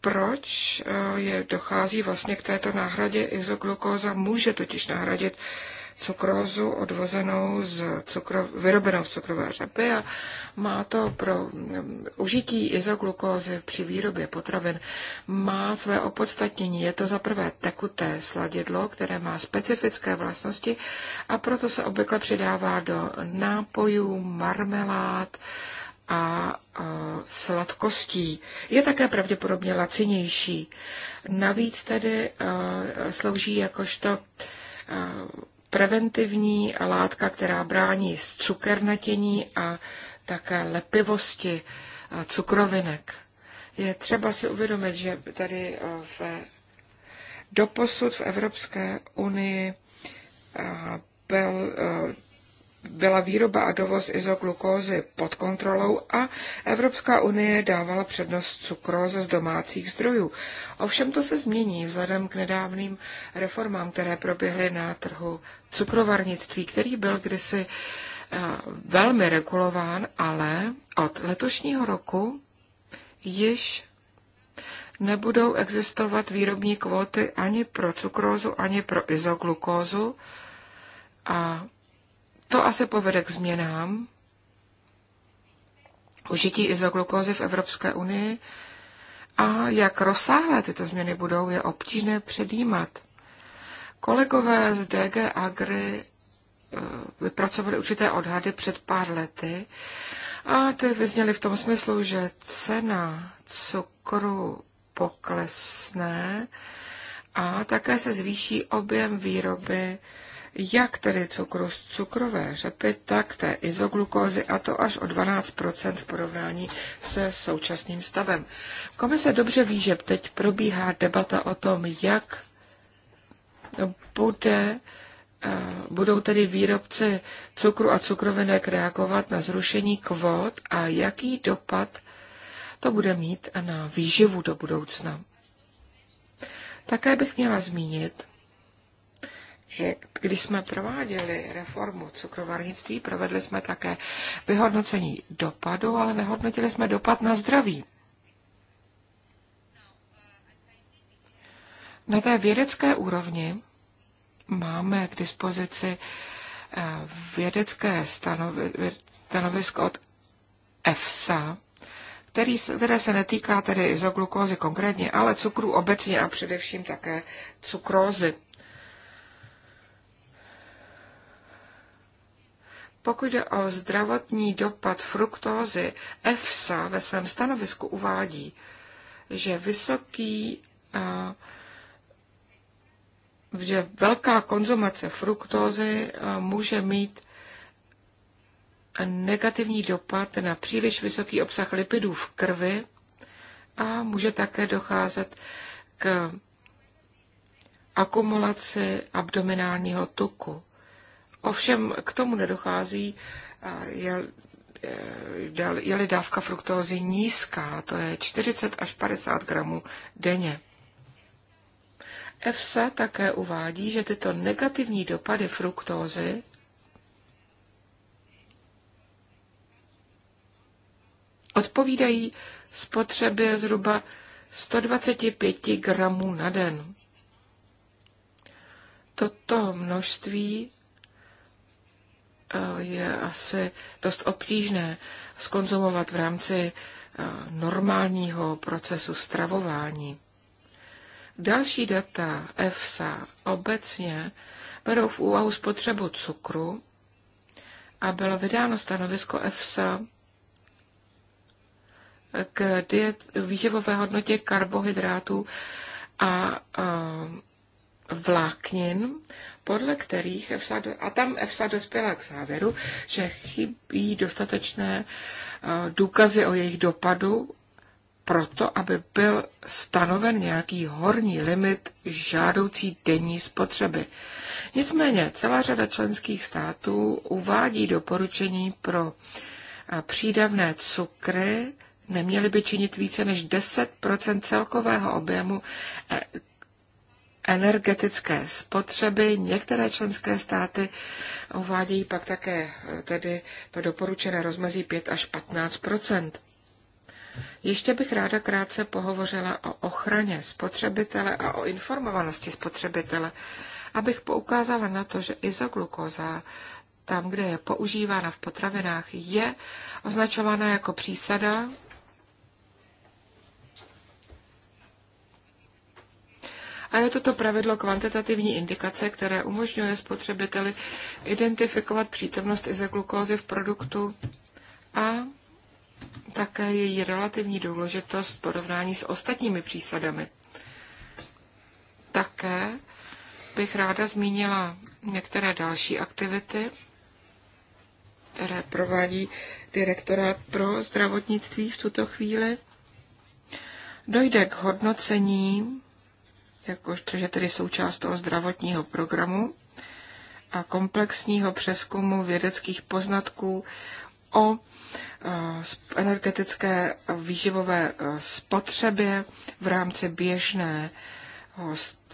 Proč eh, je, dochází vlastně k této náhradě? Izoglukóza může totiž nahradit cukrózu odvozenou z cukro, vyrobenou z cukrové řepy a má to pro mm, užití izoglukózy při výrobě potravin má své opodstatnění. Je to za prvé tekuté sladidlo, které má specifické vlastnosti a proto se obvykle přidává do nápojů, marmelád, a sladkostí. Je také pravděpodobně lacinější. Navíc tedy slouží jakožto preventivní látka, která brání cukernatění a také lepivosti eh, cukrovinek. Je třeba si uvědomit, že tady eh, v doposud v Evropské unii eh, byl byla výroba a dovoz izoglukózy pod kontrolou a Evropská unie dávala přednost cukróze z domácích zdrojů. Ovšem to se změní vzhledem k nedávným reformám, které proběhly na trhu cukrovarnictví, který byl kdysi eh, velmi regulován, ale od letošního roku již nebudou existovat výrobní kvóty ani pro cukrózu, ani pro izoglukózu a to asi povede k změnám. Užití izoglukózy v Evropské unii a jak rozsáhlé tyto změny budou, je obtížné předjímat. Kolegové z DG Agri eh, vypracovali určité odhady před pár lety a ty vyzněly v tom smyslu, že cena cukru poklesne a také se zvýší objem výroby jak tedy cukru z cukrové řepy, tak té izoglukózy, a to až o 12 v porovnání se současným stavem. Komise dobře ví, že teď probíhá debata o tom, jak bude eh, budou tedy výrobci cukru a cukrovinek reagovat na zrušení kvót a jaký dopad to bude mít na výživu do budoucna. Také bych měla zmínit, že když jsme prováděli reformu cukrovarnictví, provedli jsme také vyhodnocení dopadu, ale nehodnotili jsme dopad na zdraví. Na té vědecké úrovni máme k dispozici eh, vědecké stanovisko od EFSA, který, které se netýká tedy izoglukózy konkrétně, ale cukru obecně a především také cukrózy. Pokud jde o zdravotní dopad fruktózy, EFSA ve svém stanovisku uvádí, že vysoký že velká konzumace fruktózy může mít negativní dopad na příliš vysoký obsah lipidů v krvi a může také docházet k akumulaci abdominálního tuku. Ovšem k tomu nedochází, je, je-li dávka fruktózy nízká, to je 40 až 50 gramů denně. EFSA také uvádí, že tyto negativní dopady fruktózy odpovídají spotřebě zhruba 125 gramů na den. Toto množství je asi dost obtížné skonzumovat v rámci eh, normálního procesu stravování. Další data EFSA obecně berou v úvahu spotřebu cukru a bylo vydáno stanovisko EFSA k diet, výživové hodnotě karbohydrátů a, a eh, vláknin, podle kterých EFSA, a tam EFSA dospěla k závěru, že chybí dostatečné eh, důkazy o jejich dopadu proto, aby byl stanoven nějaký horní limit žádoucí denní spotřeby. Nicméně celá řada členských států uvádí doporučení pro eh, přídavné cukry, neměly by činit více než 10 celkového objemu eh, energetické spotřeby. Některé členské státy uvádějí pak také eh, tedy to doporučené rozmezí 5 až 15 ještě bych ráda krátce pohovořila o ochraně spotřebitele a o informovanosti spotřebitele, abych poukázala na to, že izoglukoza tam, kde je používána v potravinách, je označována jako přísada a je toto pravidlo kvantitativní indikace, které umožňuje spotřebiteli identifikovat přítomnost izoglukózy v produktu a také její relativní důležitost v porovnání s ostatními přísadami. Také bych ráda zmínila některé další aktivity, které provádí direktorát pro zdravotnictví v tuto chvíli. Dojde k hodnocení jakož, což je tedy součást toho zdravotního programu a komplexního přeskumu vědeckých poznatků o e, energetické výživové e, spotřebě v rámci běžné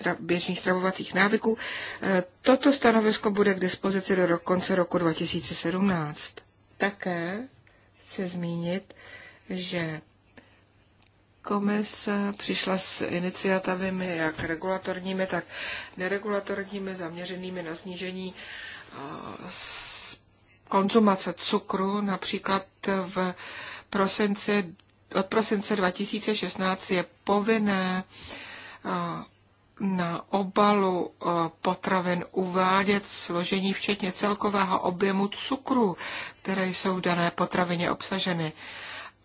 e, běžných stravovacích návyků. Toto stanovisko bude k dispozici do konce roku 2017. Také chci zmínit, že Komise přišla s iniciativami jak regulatorními, tak neregulatorními, zaměřenými na snížení konzumace cukru. Například v prosinci, od prosince 2016 je povinné na obalu potravin uvádět složení včetně celkového objemu cukru, které jsou v dané potravině obsaženy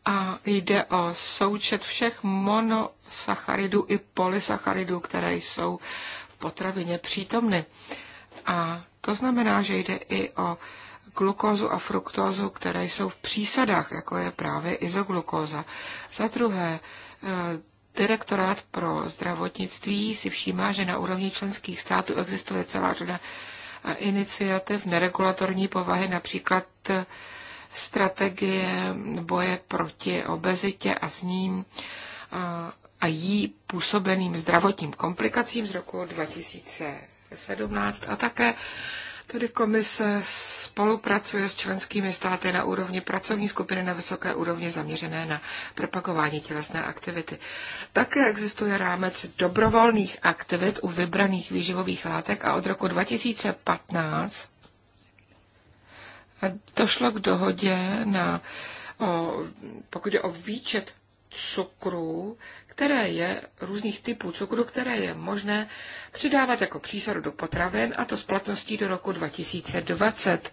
a jde o součet všech monosacharidů i polysacharidů, které jsou v potravině přítomny. A to znamená, že jde i o glukózu a fruktózu, které jsou v přísadách, jako je právě izoglukóza. Za druhé, e, Direktorát pro zdravotnictví si všímá, že na úrovni členských států existuje celá řada e, iniciativ neregulatorní povahy, například e, strategie boje proti obezitě a s ním a jí působeným zdravotním komplikacím z roku 2017 a také Tedy komise spolupracuje s členskými státy na úrovni pracovní skupiny na vysoké úrovni zaměřené na propagování tělesné aktivity. Také existuje rámec dobrovolných aktivit u vybraných výživových látek a od roku 2015 došlo k dohodě na, o, pokud je o výčet cukru, které je, různých typů cukru, které je možné přidávat jako přísadu do potravin, a to s platností do roku 2020.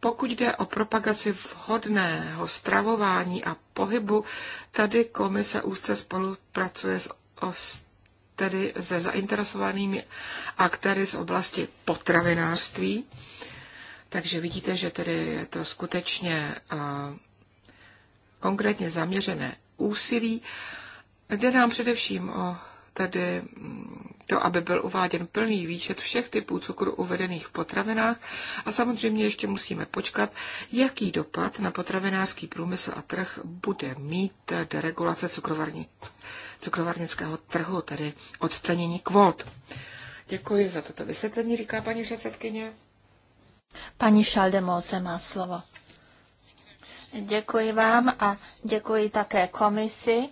Pokud jde o propagaci vhodného stravování a pohybu, tady komise úzce spolupracuje s, os, tedy se zainteresovanými aktéry z oblasti potravinářství. Takže vidíte, že tedy je to skutečně konkrétně zaměřené úsilí. Jde nám především o tedy mm, to, aby byl uváděn plný výčet všech typů cukru uvedených v potravinách a samozřejmě ještě musíme počkat, jaký dopad na potravinářský průmysl a trh bude mít deregulace cukrovarní cukrovarnického trhu, tedy odstranění kvót. Děkuji za toto vysvětlení, říká paní předsedkyně. Paní Šaldemose má slovo. Děkuji vám a děkuji také komisi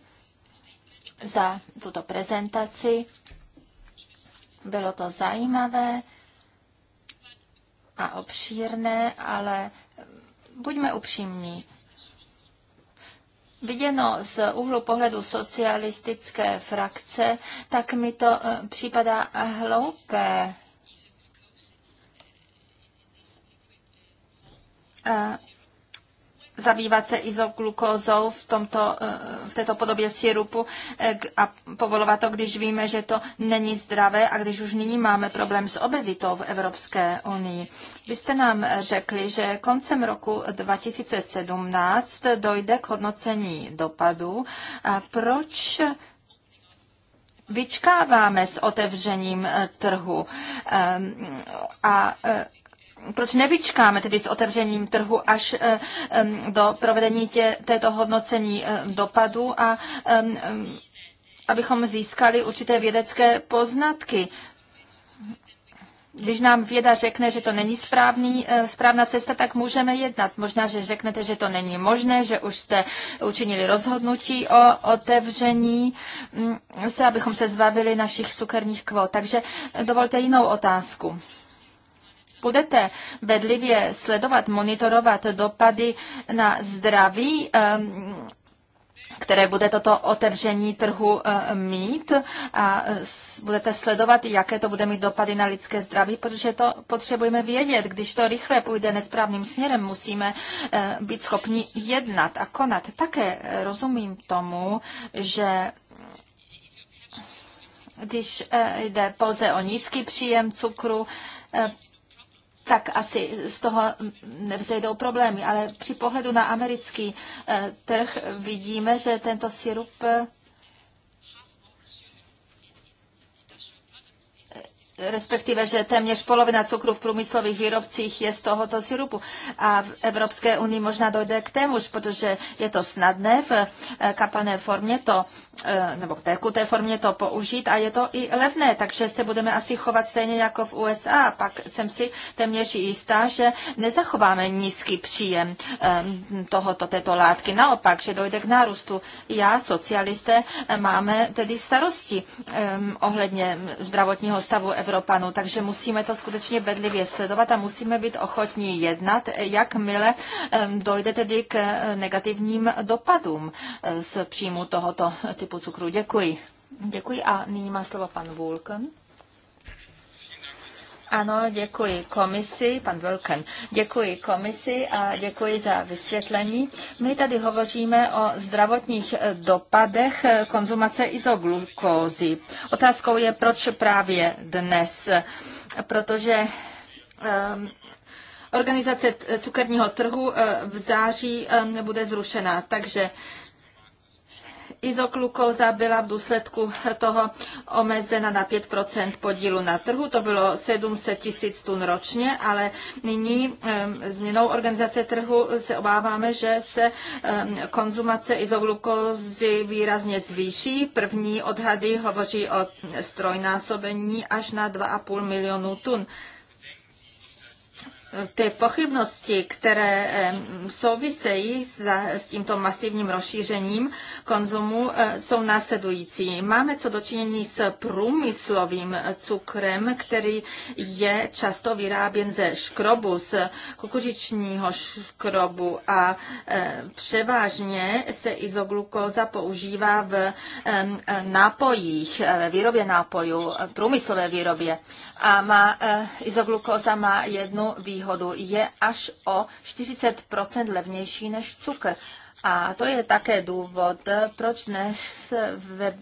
za tuto prezentaci. Bylo to zajímavé a obšírné, ale buďme upřímní. Viděno z úhlu pohledu socialistické frakce, tak mi to eh, připadá hloupé. A eh, zabývat se izoglukózou v, tomto, eh, v této podobě sirupu eh, a povolovat to, když víme, že to není zdravé a když už nyní máme problém s obezitou v Evropské unii. Vy jste nám řekli, že koncem roku 2017 dojde k hodnocení dopadu. A proč vyčkáváme s otevřením eh, trhu ehm, a proč nevyčkáme tedy s otevřením trhu až eh, do provedení tě, této hodnocení eh, dopadu a abychom získali určité vědecké poznatky. Když nám věda řekne, že to není správný, eh, správná cesta, tak můžeme jednat. Možná, že řeknete, že to není možné, že už jste učinili rozhodnutí o otevření mm, se, abychom se zbavili našich cukerních kvot. Takže dovolte jinou otázku budete bedlivě sledovat, monitorovat dopady na zdraví, ehm, které bude toto otevření trhu eh, mít a eh, budete sledovat, jaké to bude mít dopady na lidské zdraví, protože to potřebujeme vědět. Když to rychle půjde nesprávným směrem, musíme eh, být schopni jednat a konat. Také rozumím tomu, že když jde pouze o nízký příjem cukru, tak asi z toho nevzejdou problémy. Ale při pohledu na americký eh, trh vidíme, že tento sirup eh, respektive, že téměř polovina cukru v průmyslových výrobcích je z tohoto sirupu. A v Evropské unii možná dojde k témuž, protože je to snadné v eh, kapalné formě to Eh, nebo k té, té formě to použít a je to i levné, takže se budeme asi chovat stejně jako v USA. Pak jsem si téměř jistá, že nezachováme nízký příjem eh, tohoto, této látky. Naopak, že dojde k nárůstu. Já, socialisté, eh, máme tedy starosti ohledně zdravotního stavu Evropanů, takže musíme to skutečně bedlivě sledovat a musíme být ochotní jednat, jakmile dojde tedy k negativním dopadům z příjmu tohoto typu typu cukru. Děkuji. Děkuji a nyní má slovo pan Vulkan. Ano, děkuji komisi, pan Vulkan. děkuji komisi a děkuji za vysvětlení. My tady hovoříme o zdravotních dopadech konzumace izoglukózy. Otázkou je, proč právě dnes, protože um, Organizace cukerního trhu eh, v září eh, bude zrušena, takže Izoglukóza byla v důsledku toho omezena na 5 podílu na trhu, to bylo 700 tisíc tun ročně, ale nyní změnou organizace trhu se obáváme, že se konzumace izoglukózy výrazně zvýší. První odhady hovoří o strojnásobení až na 2,5 milionu tun ty pochybnosti, které souvisejí s tímto masivním rozšířením konzumu, e, jsou následující. Máme co dočinění s průmyslovým cukrem, který je často vyráběn ze škrobu, z kukuřičního škrobu a e, převážně se izoglukoza používá v e, nápojích, výrobě nápojů, průmyslové výrobě a má, e, izoglukóza má jednu výhodu. Je až o 40 levnější než cukr. A to je také důvod, proč dnes ve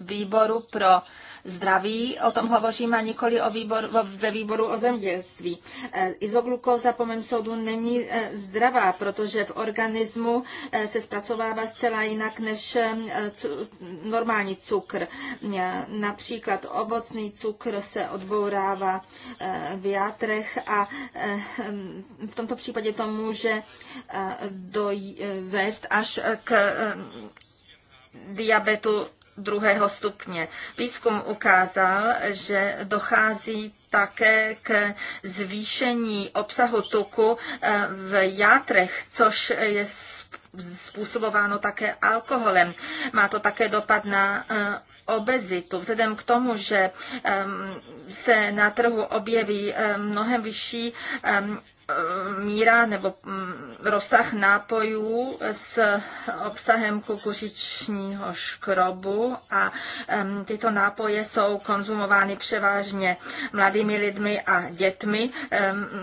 výboru pro zdraví, o tom hovoříme a nikoli o výbor, ve výboru o zemědělství. Eh, Izoglukóza po mém soudu není eh, zdravá, protože v organismu eh, se zpracovává zcela jinak než normální cukr. Například ovocný cukr se odbourává v játrech a v tomto případě to může dojít vést až k diabetu druhého stupně. Výzkum ukázal, že dochází také k zvýšení obsahu tuku eh, v játrech, což je způsobováno také alkoholem. Má to také dopad na eh, obezitu. Vzhledem k tomu, že ehm, se na trhu objeví eh, mnohem vyšší ehm, Eh, míra nebo mm, rozsah nápojů s obsahem kukuřičního škrobu a tyto nápoje jsou konzumovány převážně mladými lidmi a dětmi.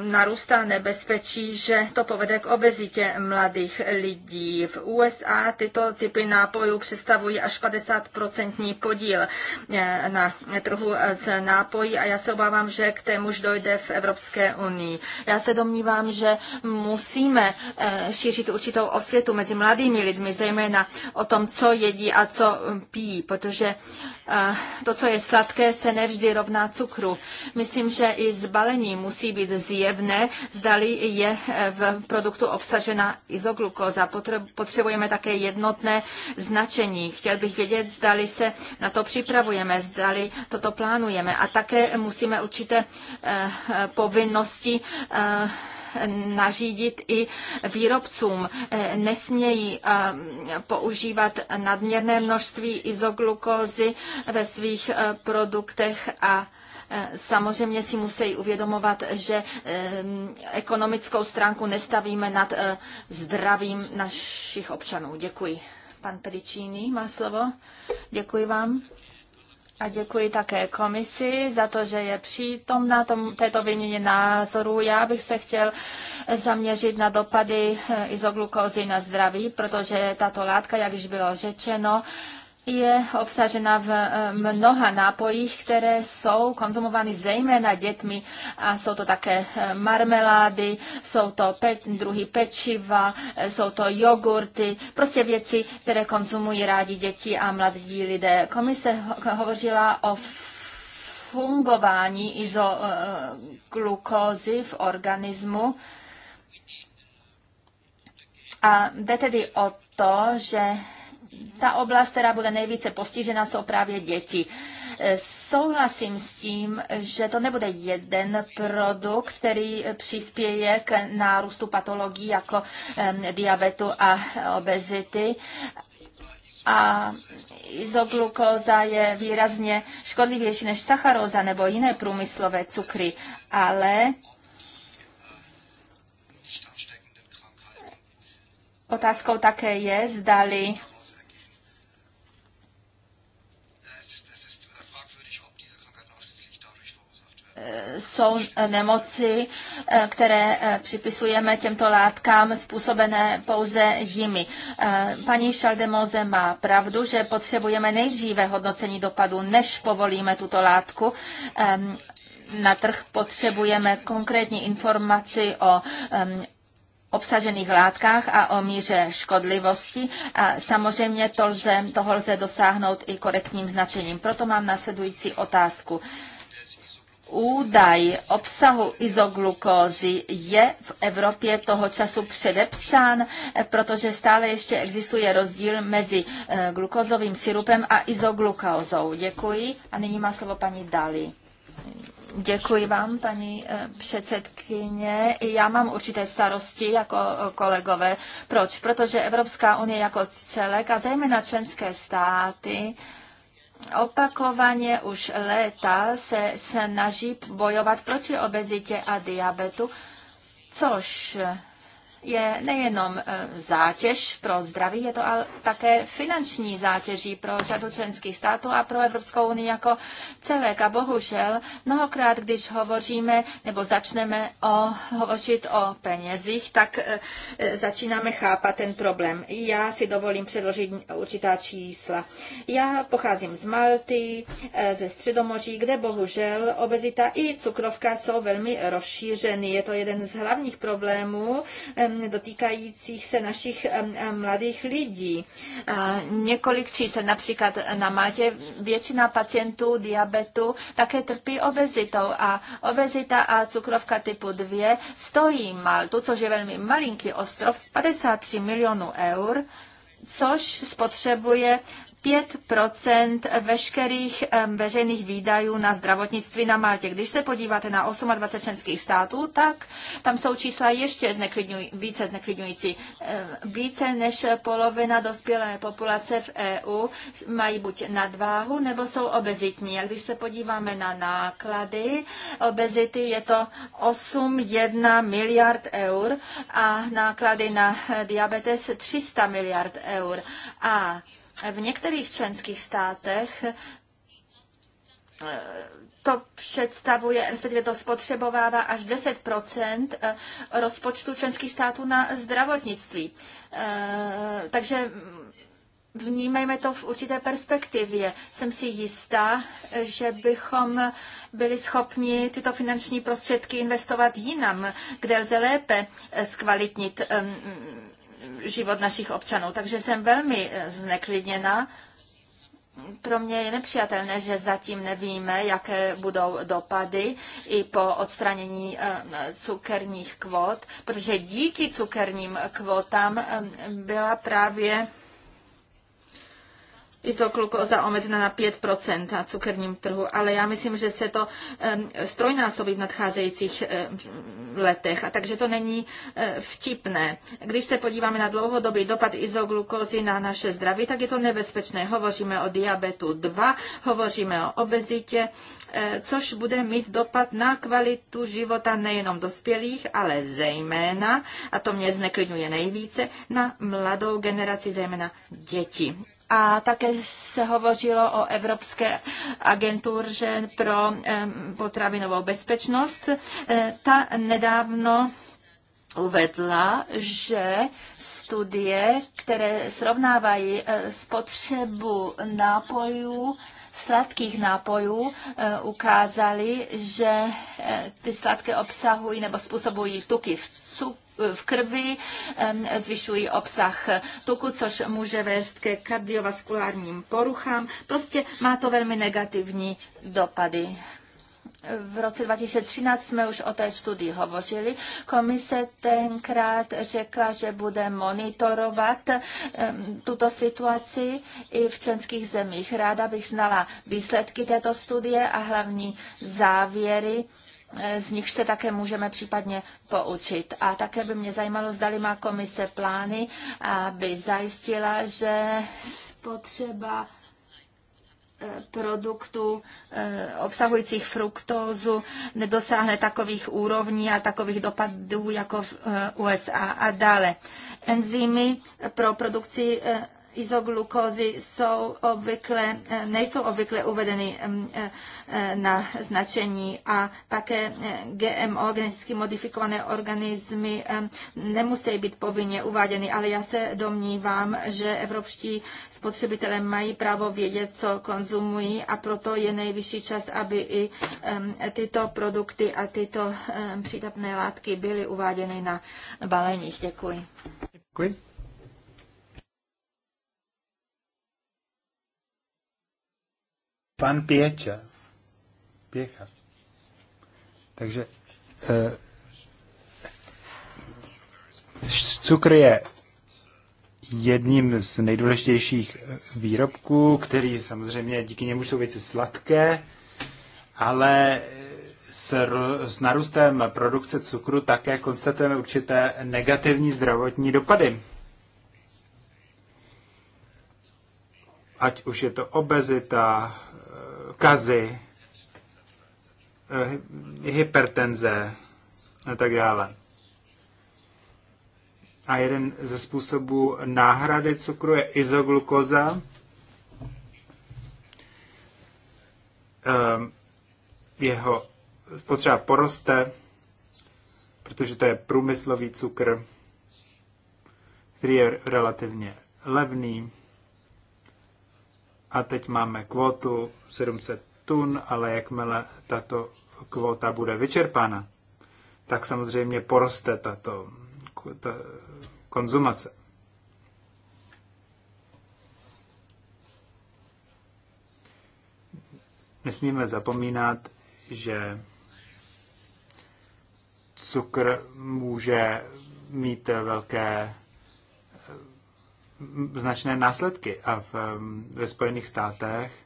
Narůstá nebezpečí, že to povede k obezitě mladých lidí. V USA tyto typy nápojů představují až 50% podíl eh, na trhu s nápojí a já se obávám, že k témuž dojde v Evropské unii. Já se domnívám, domnívám, že musíme eh, šířit určitou osvětu mezi mladými lidmi, zejména o tom, co jedí a co hm, pijí, protože eh, to, co je sladké, se nevždy rovná cukru. Myslím, že i zbalení musí být zjevné, zdali je eh, v produktu obsažena izoglukoza. Potřebujeme také jednotné značení. Chtěl bych vědět, zdali se na to připravujeme, zdali toto plánujeme. A také musíme určité povinnosti nařídit i výrobcům. Nesmějí eh, používat nadměrné množství izoglukózy ve svých eh, produktech a eh, samozřejmě si musí uvědomovat, že ekonomickou stránku nestavíme nad zdravím našich občanů. Děkuji. Pan Pedicini má slovo. Děkuji vám. A děkuji také komisi za to, že je na tom, této výměně názorů. Já bych se chtěl zaměřit na dopady eh, izoglukózy na zdraví, protože tato látka, jak již bylo řečeno, je obsažena v eh, mnoha nápojích, které jsou konzumovány zejména dětmi a jsou to také eh, marmelády, jsou to pe- druhy pečiva, eh, jsou to jogurty, prostě věci, které konzumují rádi děti a mladí lidé. Komise ho- hovořila o fungování izoglukózy v organismu a jde tedy o to, že ta oblast, která bude nejvíce postižena, jsou právě děti. E, souhlasím s tím, že to nebude jeden produkt, který přispěje k nárůstu patologií jako diabetu a obezity, a izoglukóza je výrazně škodlivější než sacharóza nebo jiné průmyslové cukry, ale otázkou také je, zdali jsou nemoci, eh, které eh, připisujeme těmto látkám způsobené pouze jimi. Eh, paní Šaldemoze má pravdu, že potřebujeme nejdříve hodnocení dopadu, než povolíme tuto látku na trh potřebujeme konkrétní informaci o obsažených látkách a o míře škodlivosti. A samozřejmě to lze, toho lze dosáhnout i korektním značením. Proto mám následující otázku údaj obsahu izoglukózy je v Evropě toho času předepsán, eh, protože stále ještě existuje rozdíl mezi eh, glukozovým syrupem a izoglukózou. Děkuji. A nyní má slovo paní Dali. Děkuji vám, paní eh, předsedkyně. Já mám určité starosti jako kolegové. Proč? Protože Evropská unie jako celek a zejména členské státy opakovaně už léta se snaží bojovat proti obezitě a diabetu, což je nejenom e, zátěž pro zdraví, je to ale také finanční zátěží pro řadu členských států a pro Evropskou unii jako celek. A bohužel mnohokrát, když hovoříme nebo začneme o, hovořit o penězích, tak e, e, začínáme chápat ten problém. Já si dovolím předložit určitá čísla. Já pocházím z Malty, ze Středomoří, kde bohužel obezita i cukrovka jsou velmi rozšířeny. Je to jeden z hlavních problémů, dotýkajících se našich mladých lidí. Několik čísel, například na Maltě většina pacientů diabetu také trpí obezitou a obezita a cukrovka typu 2 stojí Maltu, což je velmi malinký ostrov, 53 milionů eur což spotřebuje 5 veškerých veřejných výdajů na zdravotnictví na Maltě. Když se podíváte na 28 členských států, tak tam jsou čísla ještě zneklidňuj, více zneklidňující. Více než polovina dospělé populace v EU mají buď nadváhu nebo jsou obezitní. A když se podíváme na náklady obezity, je to 8,1 miliard eur a náklady na diabetes 300 miliard eur. A v některých členských státech eh, to představuje, respektive to spotřebovává až 10 eh, rozpočtu členských států na zdravotnictví. Eh, takže vnímejme to v určité perspektivě. Jsem si jistá, že bychom byli schopni tyto finanční prostředky investovat jinam, kde lze lépe zkvalitnit ehm, život našich občanů. Takže jsem velmi eh, zneklidněna. Pro mě je nepřijatelné, že zatím nevíme, jaké budou dopady i po odstranění eh, cukerních kvot, protože díky cukerním kvotám eh, byla právě izoklukoza omezena na 5% na cukerním trhu, ale já myslím, že se to strojnásobí v nadcházejících letech, a takže to není eh, vtipné. Když se podíváme na dlouhodobý dopad izoglukózy na naše zdraví, tak je to nebezpečné. Hovoříme o diabetu 2, hovoříme o obezitě, eh, což bude mít dopad na kvalitu života nejenom dospělých, ale zejména, a to mě zneklidňuje nejvíce, na mladou generaci, zejména děti a také se hovořilo o Evropské agentuře pro potravinovou bezpečnost. E, ta nedávno uvedla, že studie, které srovnávají e, spotřebu nápojů, sladkých nápojů, e, ukázaly, že ty sladké obsahují nebo způsobují tuky v cukru v krvi, zvyšují obsah tuku, což může vést ke kardiovaskulárním poruchám. Prostě má to velmi negativní dopady. V roce 2013 jsme už o té studii hovořili. Komise tenkrát řekla, že bude monitorovat tuto situaci i v členských zemích. Ráda bych znala výsledky této studie a hlavní závěry Eh, z nich se také můžeme případně poučit. A také by mě zajímalo, zdali má komise plány, aby zajistila, že spotřeba eh, produktů eh, obsahujících fruktózu nedosáhne takových úrovní a takových dopadů jako v USA a dále. Enzymy pro produkci izoglukózy jsou obvykle, eh, nejsou obvykle uvedeny mm, eh, eh, na značení a také GMO, geneticky modifikované organismy, nemusí být povinně uváděny, ale já se domnívám, že evropští spotřebitelé mají právo vědět, co konzumují a proto je nejvyšší čas, aby i tyto produkty a tyto přídatné látky byly uváděny na baleních. Děkuji. Děkuji. Pan Pěťa. Pěcha. Takže eh, cukr je jedním z nejdůležitějších eh, výrobků, který samozřejmě díky němu jsou věci sladké, ale eh, s, s narůstem produkce cukru také konstatujeme určité negativní zdravotní dopady. ať už je to obezita, eh, kazy, eh, hypertenze a tak dále. A jeden ze způsobů náhrady cukru je izoglukoza. Ehm, jeho spotřeba poroste, protože to je průmyslový cukr, který je relativně levný a teď máme kvotu 700 tun, ale jakmile tato kvota bude vyčerpána, tak samozřejmě poroste tato ta konzumace. Nesmíme zapomínat, že cukr může mít velké značné následky. A v, ve Spojených státech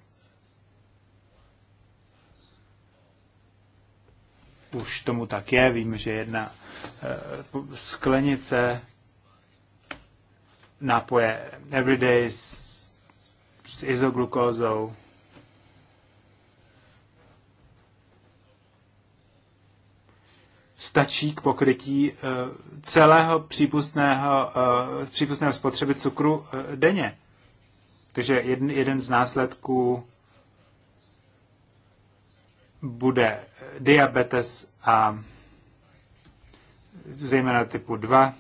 už tomu tak je. Vím, že jedna eh, sklenice nápoje Everyday s, s izoglukózou stačí k pokrytí eh, celého přípustného, eh, přípustného spotřeby cukru eh, denně. Takže jeden, jeden z následků bude diabetes a zejména typu 2.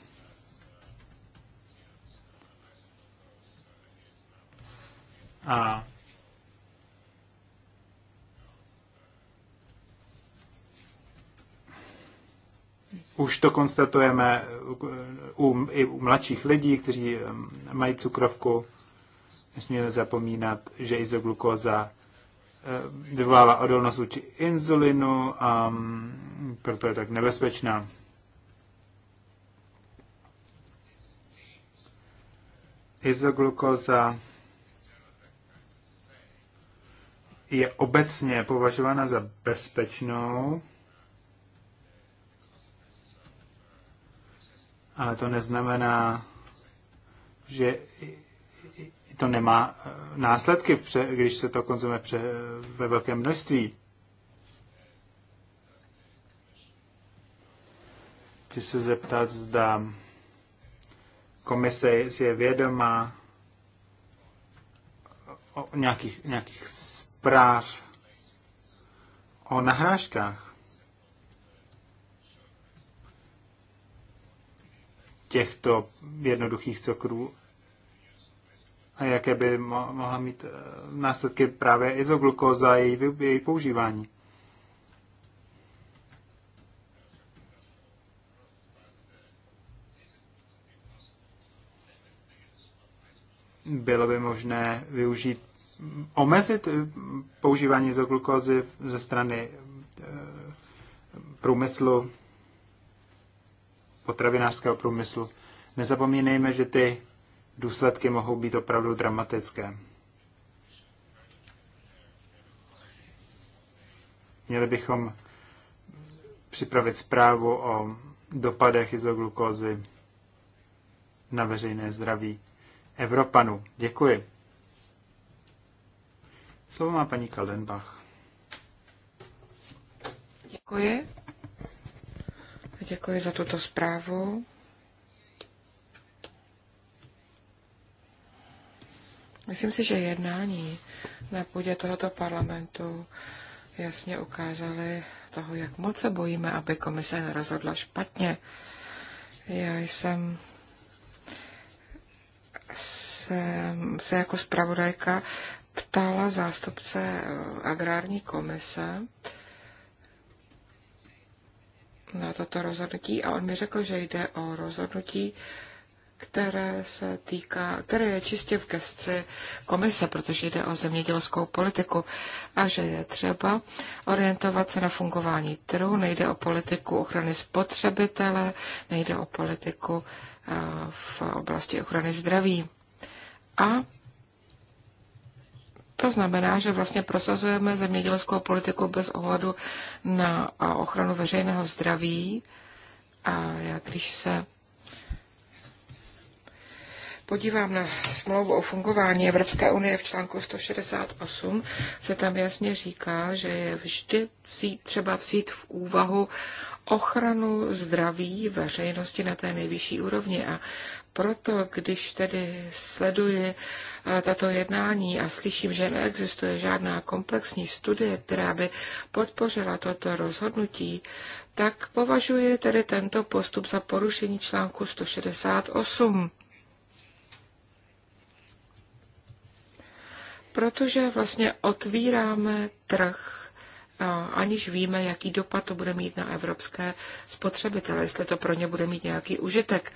A Už to konstatujeme u, i u mladších lidí, kteří mají cukrovku. Nesmíme zapomínat, že izoglukóza vyvolává odolnost vůči inzulinu a proto je tak nebezpečná. Izoglukóza je obecně považována za bezpečnou, ale to neznamená, že to nemá eh, následky, když se to konzumuje ve velkém množství. Chci se zeptat, zda komise si je vědomá o nějakých, nějakých zpráv o nahrážkách těchto jednoduchých cukrů a jaké by mohla mít eh, následky právě izoglukóza a její, její používání. Bylo by možné využít, omezit používání izoglukózy ze strany eh, průmyslu potravinářského průmyslu. Nezapomínejme, že ty důsledky mohou být opravdu dramatické. Měli bychom připravit zprávu o dopadech izoglukózy na veřejné zdraví Evropanů. Děkuji. Slovo má paní Kaldenbach. Děkuji. Děkuji za tuto zprávu. Myslím si, že jednání na půdě tohoto parlamentu jasně ukázaly toho, jak moc se bojíme, aby komise nerozhodla špatně. Já jsem se, se jako zpravodajka ptala zástupce eh, agrární komise, na toto rozhodnutí a on mi řekl, že jde o rozhodnutí, které se týká, které je čistě v gestci komise, protože jde o zemědělskou politiku a že je třeba orientovat se na fungování trhu, nejde o politiku ochrany spotřebitele, nejde o politiku eh, v oblasti ochrany zdraví. A to znamená, že vlastně prosazujeme zemědělskou politiku bez ohledu na ochranu veřejného zdraví. A já když se podívám na smlouvu o fungování Evropské unie v článku 168, se tam jasně říká, že je vždy vzít, třeba vzít v úvahu ochranu zdraví veřejnosti na té nejvyšší úrovni. A proto, když tedy sleduji eh, tato jednání a slyším, že neexistuje žádná komplexní studie, která by podpořila toto rozhodnutí, tak považuji tedy tento postup za porušení článku 168. Protože vlastně otvíráme trh aniž víme, jaký dopad to bude mít na evropské spotřebitele, jestli to pro ně bude mít nějaký užitek.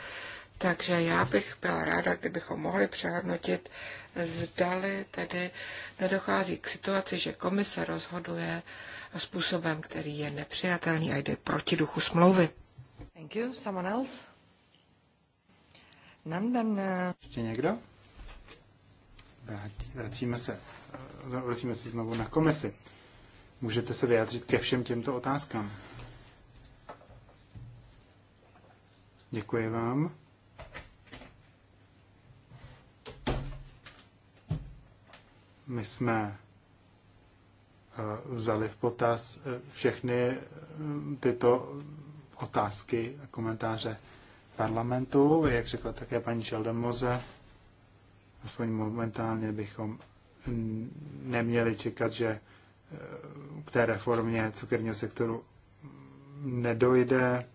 Takže já bych byla ráda, kdybychom mohli přehodnotit, zdali tedy nedochází k situaci, že komise rozhoduje způsobem, který je nepřijatelný a jde proti duchu smlouvy. Thank you. Someone else? Nandan. Uh, Ještě někdo? Vrátí, vracíme se, eh, vracíme se znovu na komisi. Můžete se vyjádřit ke všem těmto otázkám. Děkuji vám. My jsme eh, vzali v potaz eh, všechny eh, tyto otázky a komentáře parlamentu, jak řekla také paní Šeldemoze. Aspoň momentálně bychom neměli čekat, že k té reformě cukerního sektoru nedojde,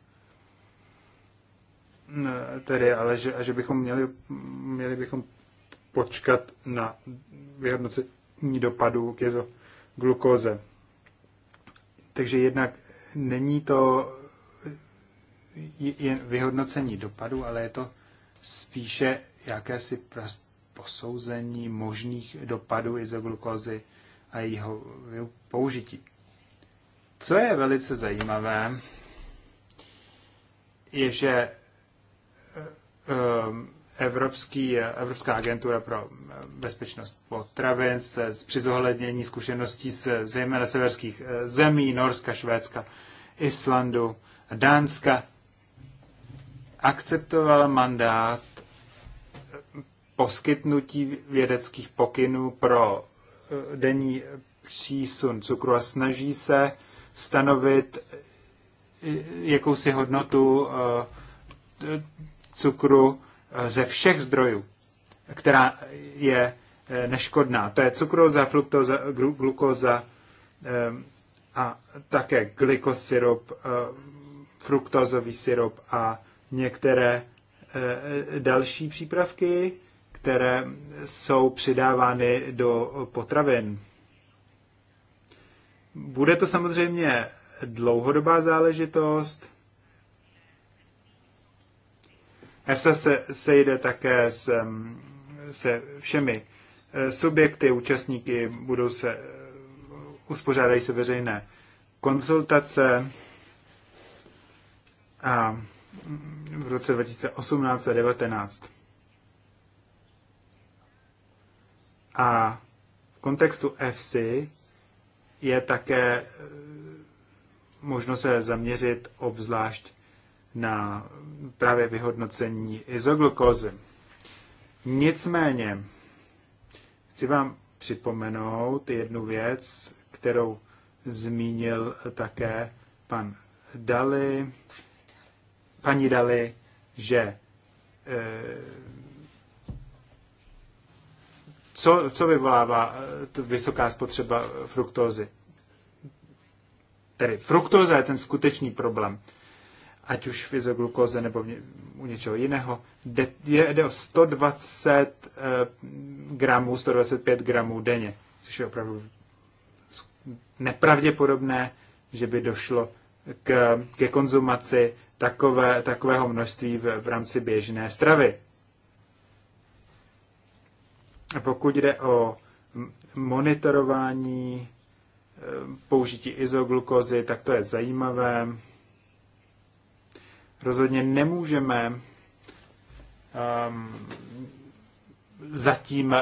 tedy, ale že, že bychom měli, měli bychom počkat na vyhodnocení dopadu kiezo glukóze. Takže jednak není to jen vyhodnocení dopadu, ale je to spíše jakési posouzení možných dopadů izoglukózy a jeho použití. Co je velice zajímavé, je, že eh, eh, Evropský, Evropská agentura pro eh, bezpečnost potravin se, s přizohlednění zkušeností se, zejména severských eh, zemí, Norska, Švédska, Islandu, Dánska, akceptovala mandát eh, poskytnutí vědeckých pokynů pro denní přísun cukru a snaží se stanovit jakousi hodnotu cukru ze všech zdrojů, která je eh, neškodná. To je cukroza, fruktoza, glukoza ehm, a také glykosyrop, eh, fruktozový syrop a některé eh, další přípravky, které jsou přidávány do potravin. Bude to samozřejmě dlouhodobá záležitost, EFSA se sejde také s, se všemi eh, subjekty, účastníky, budou se, uspořádají se veřejné konzultace a mm, v roce 2018 a 2019. A v kontextu FC je také eh, možno se zaměřit obzvlášť na právě vyhodnocení izoglukózy. Nicméně chci vám připomenout jednu věc, kterou zmínil také pan Dali, paní Dali, že eh, co, co vyvolává eh, vysoká spotřeba fruktózy? Tedy fruktóza je ten skutečný problém ať už v izoglukoze nebo u něčeho jiného. Jde, jde o 120 eh, gramů, 125 gramů denně, což je opravdu nepravděpodobné, že by došlo k, ke konzumaci takové, takového množství v, v rámci běžné stravy. A pokud jde o monitorování eh, použití izoglukózy, tak to je zajímavé rozhodně nemůžeme um, zatím uh,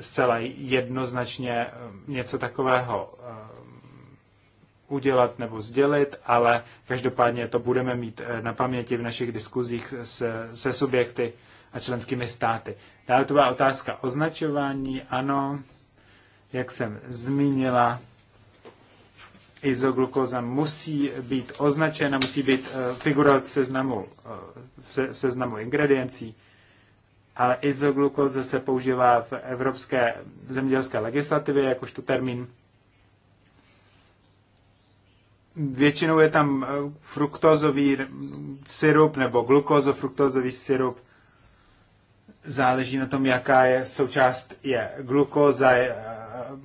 zcela jednoznačně ehm, něco takového uh, udělat nebo sdělit, ale každopádně to budeme mít eh, na paměti v našich diskuzích s se subjekty a členskými státy. Dále to byla otázka označování. Ano, jak jsem zmínila, izoglukóza musí být označena, musí být eh, figurovat v seznamu, eh, v seznamu ingrediencí, ale izoglukóza se používá v evropské zemědělské legislativě jakožto termín. Většinou je tam eh, fruktózový syrup nebo glukózofruktózový syrup. Záleží na tom, jaká je součást je glukóza,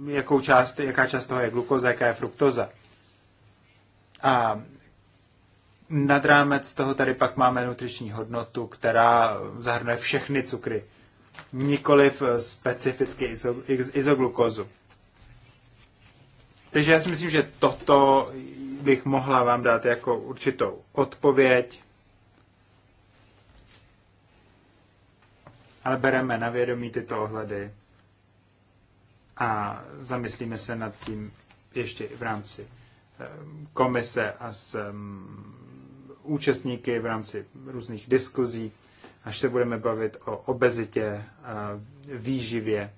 jakou část, jaká část toho je glukóza, jaká je fruktoza. A nad rámec toho tady pak máme nutriční hodnotu, která zahrnuje všechny cukry, nikoliv eh, specificky izoglukózu. Takže já si myslím, že toto bych mohla vám dát jako určitou odpověď. Ale bereme na vědomí tyto ohledy a zamyslíme se nad tím ještě v rámci komise a s mm, účastníky v rámci různých diskuzí, až se budeme bavit o obezitě, výživě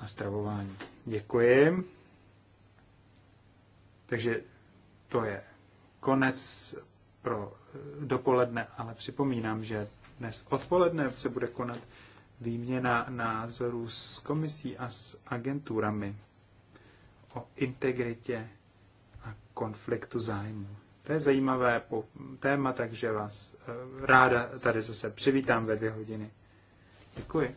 a stravování. Děkuji. Takže to je konec pro dopoledne, ale připomínám, že dnes odpoledne se bude konat výměna názorů s komisí a s agenturami o integritě konfliktu zájmu. To je zajímavé téma, takže vás eh, ráda tady zase přivítám ve dvě hodiny. Děkuji.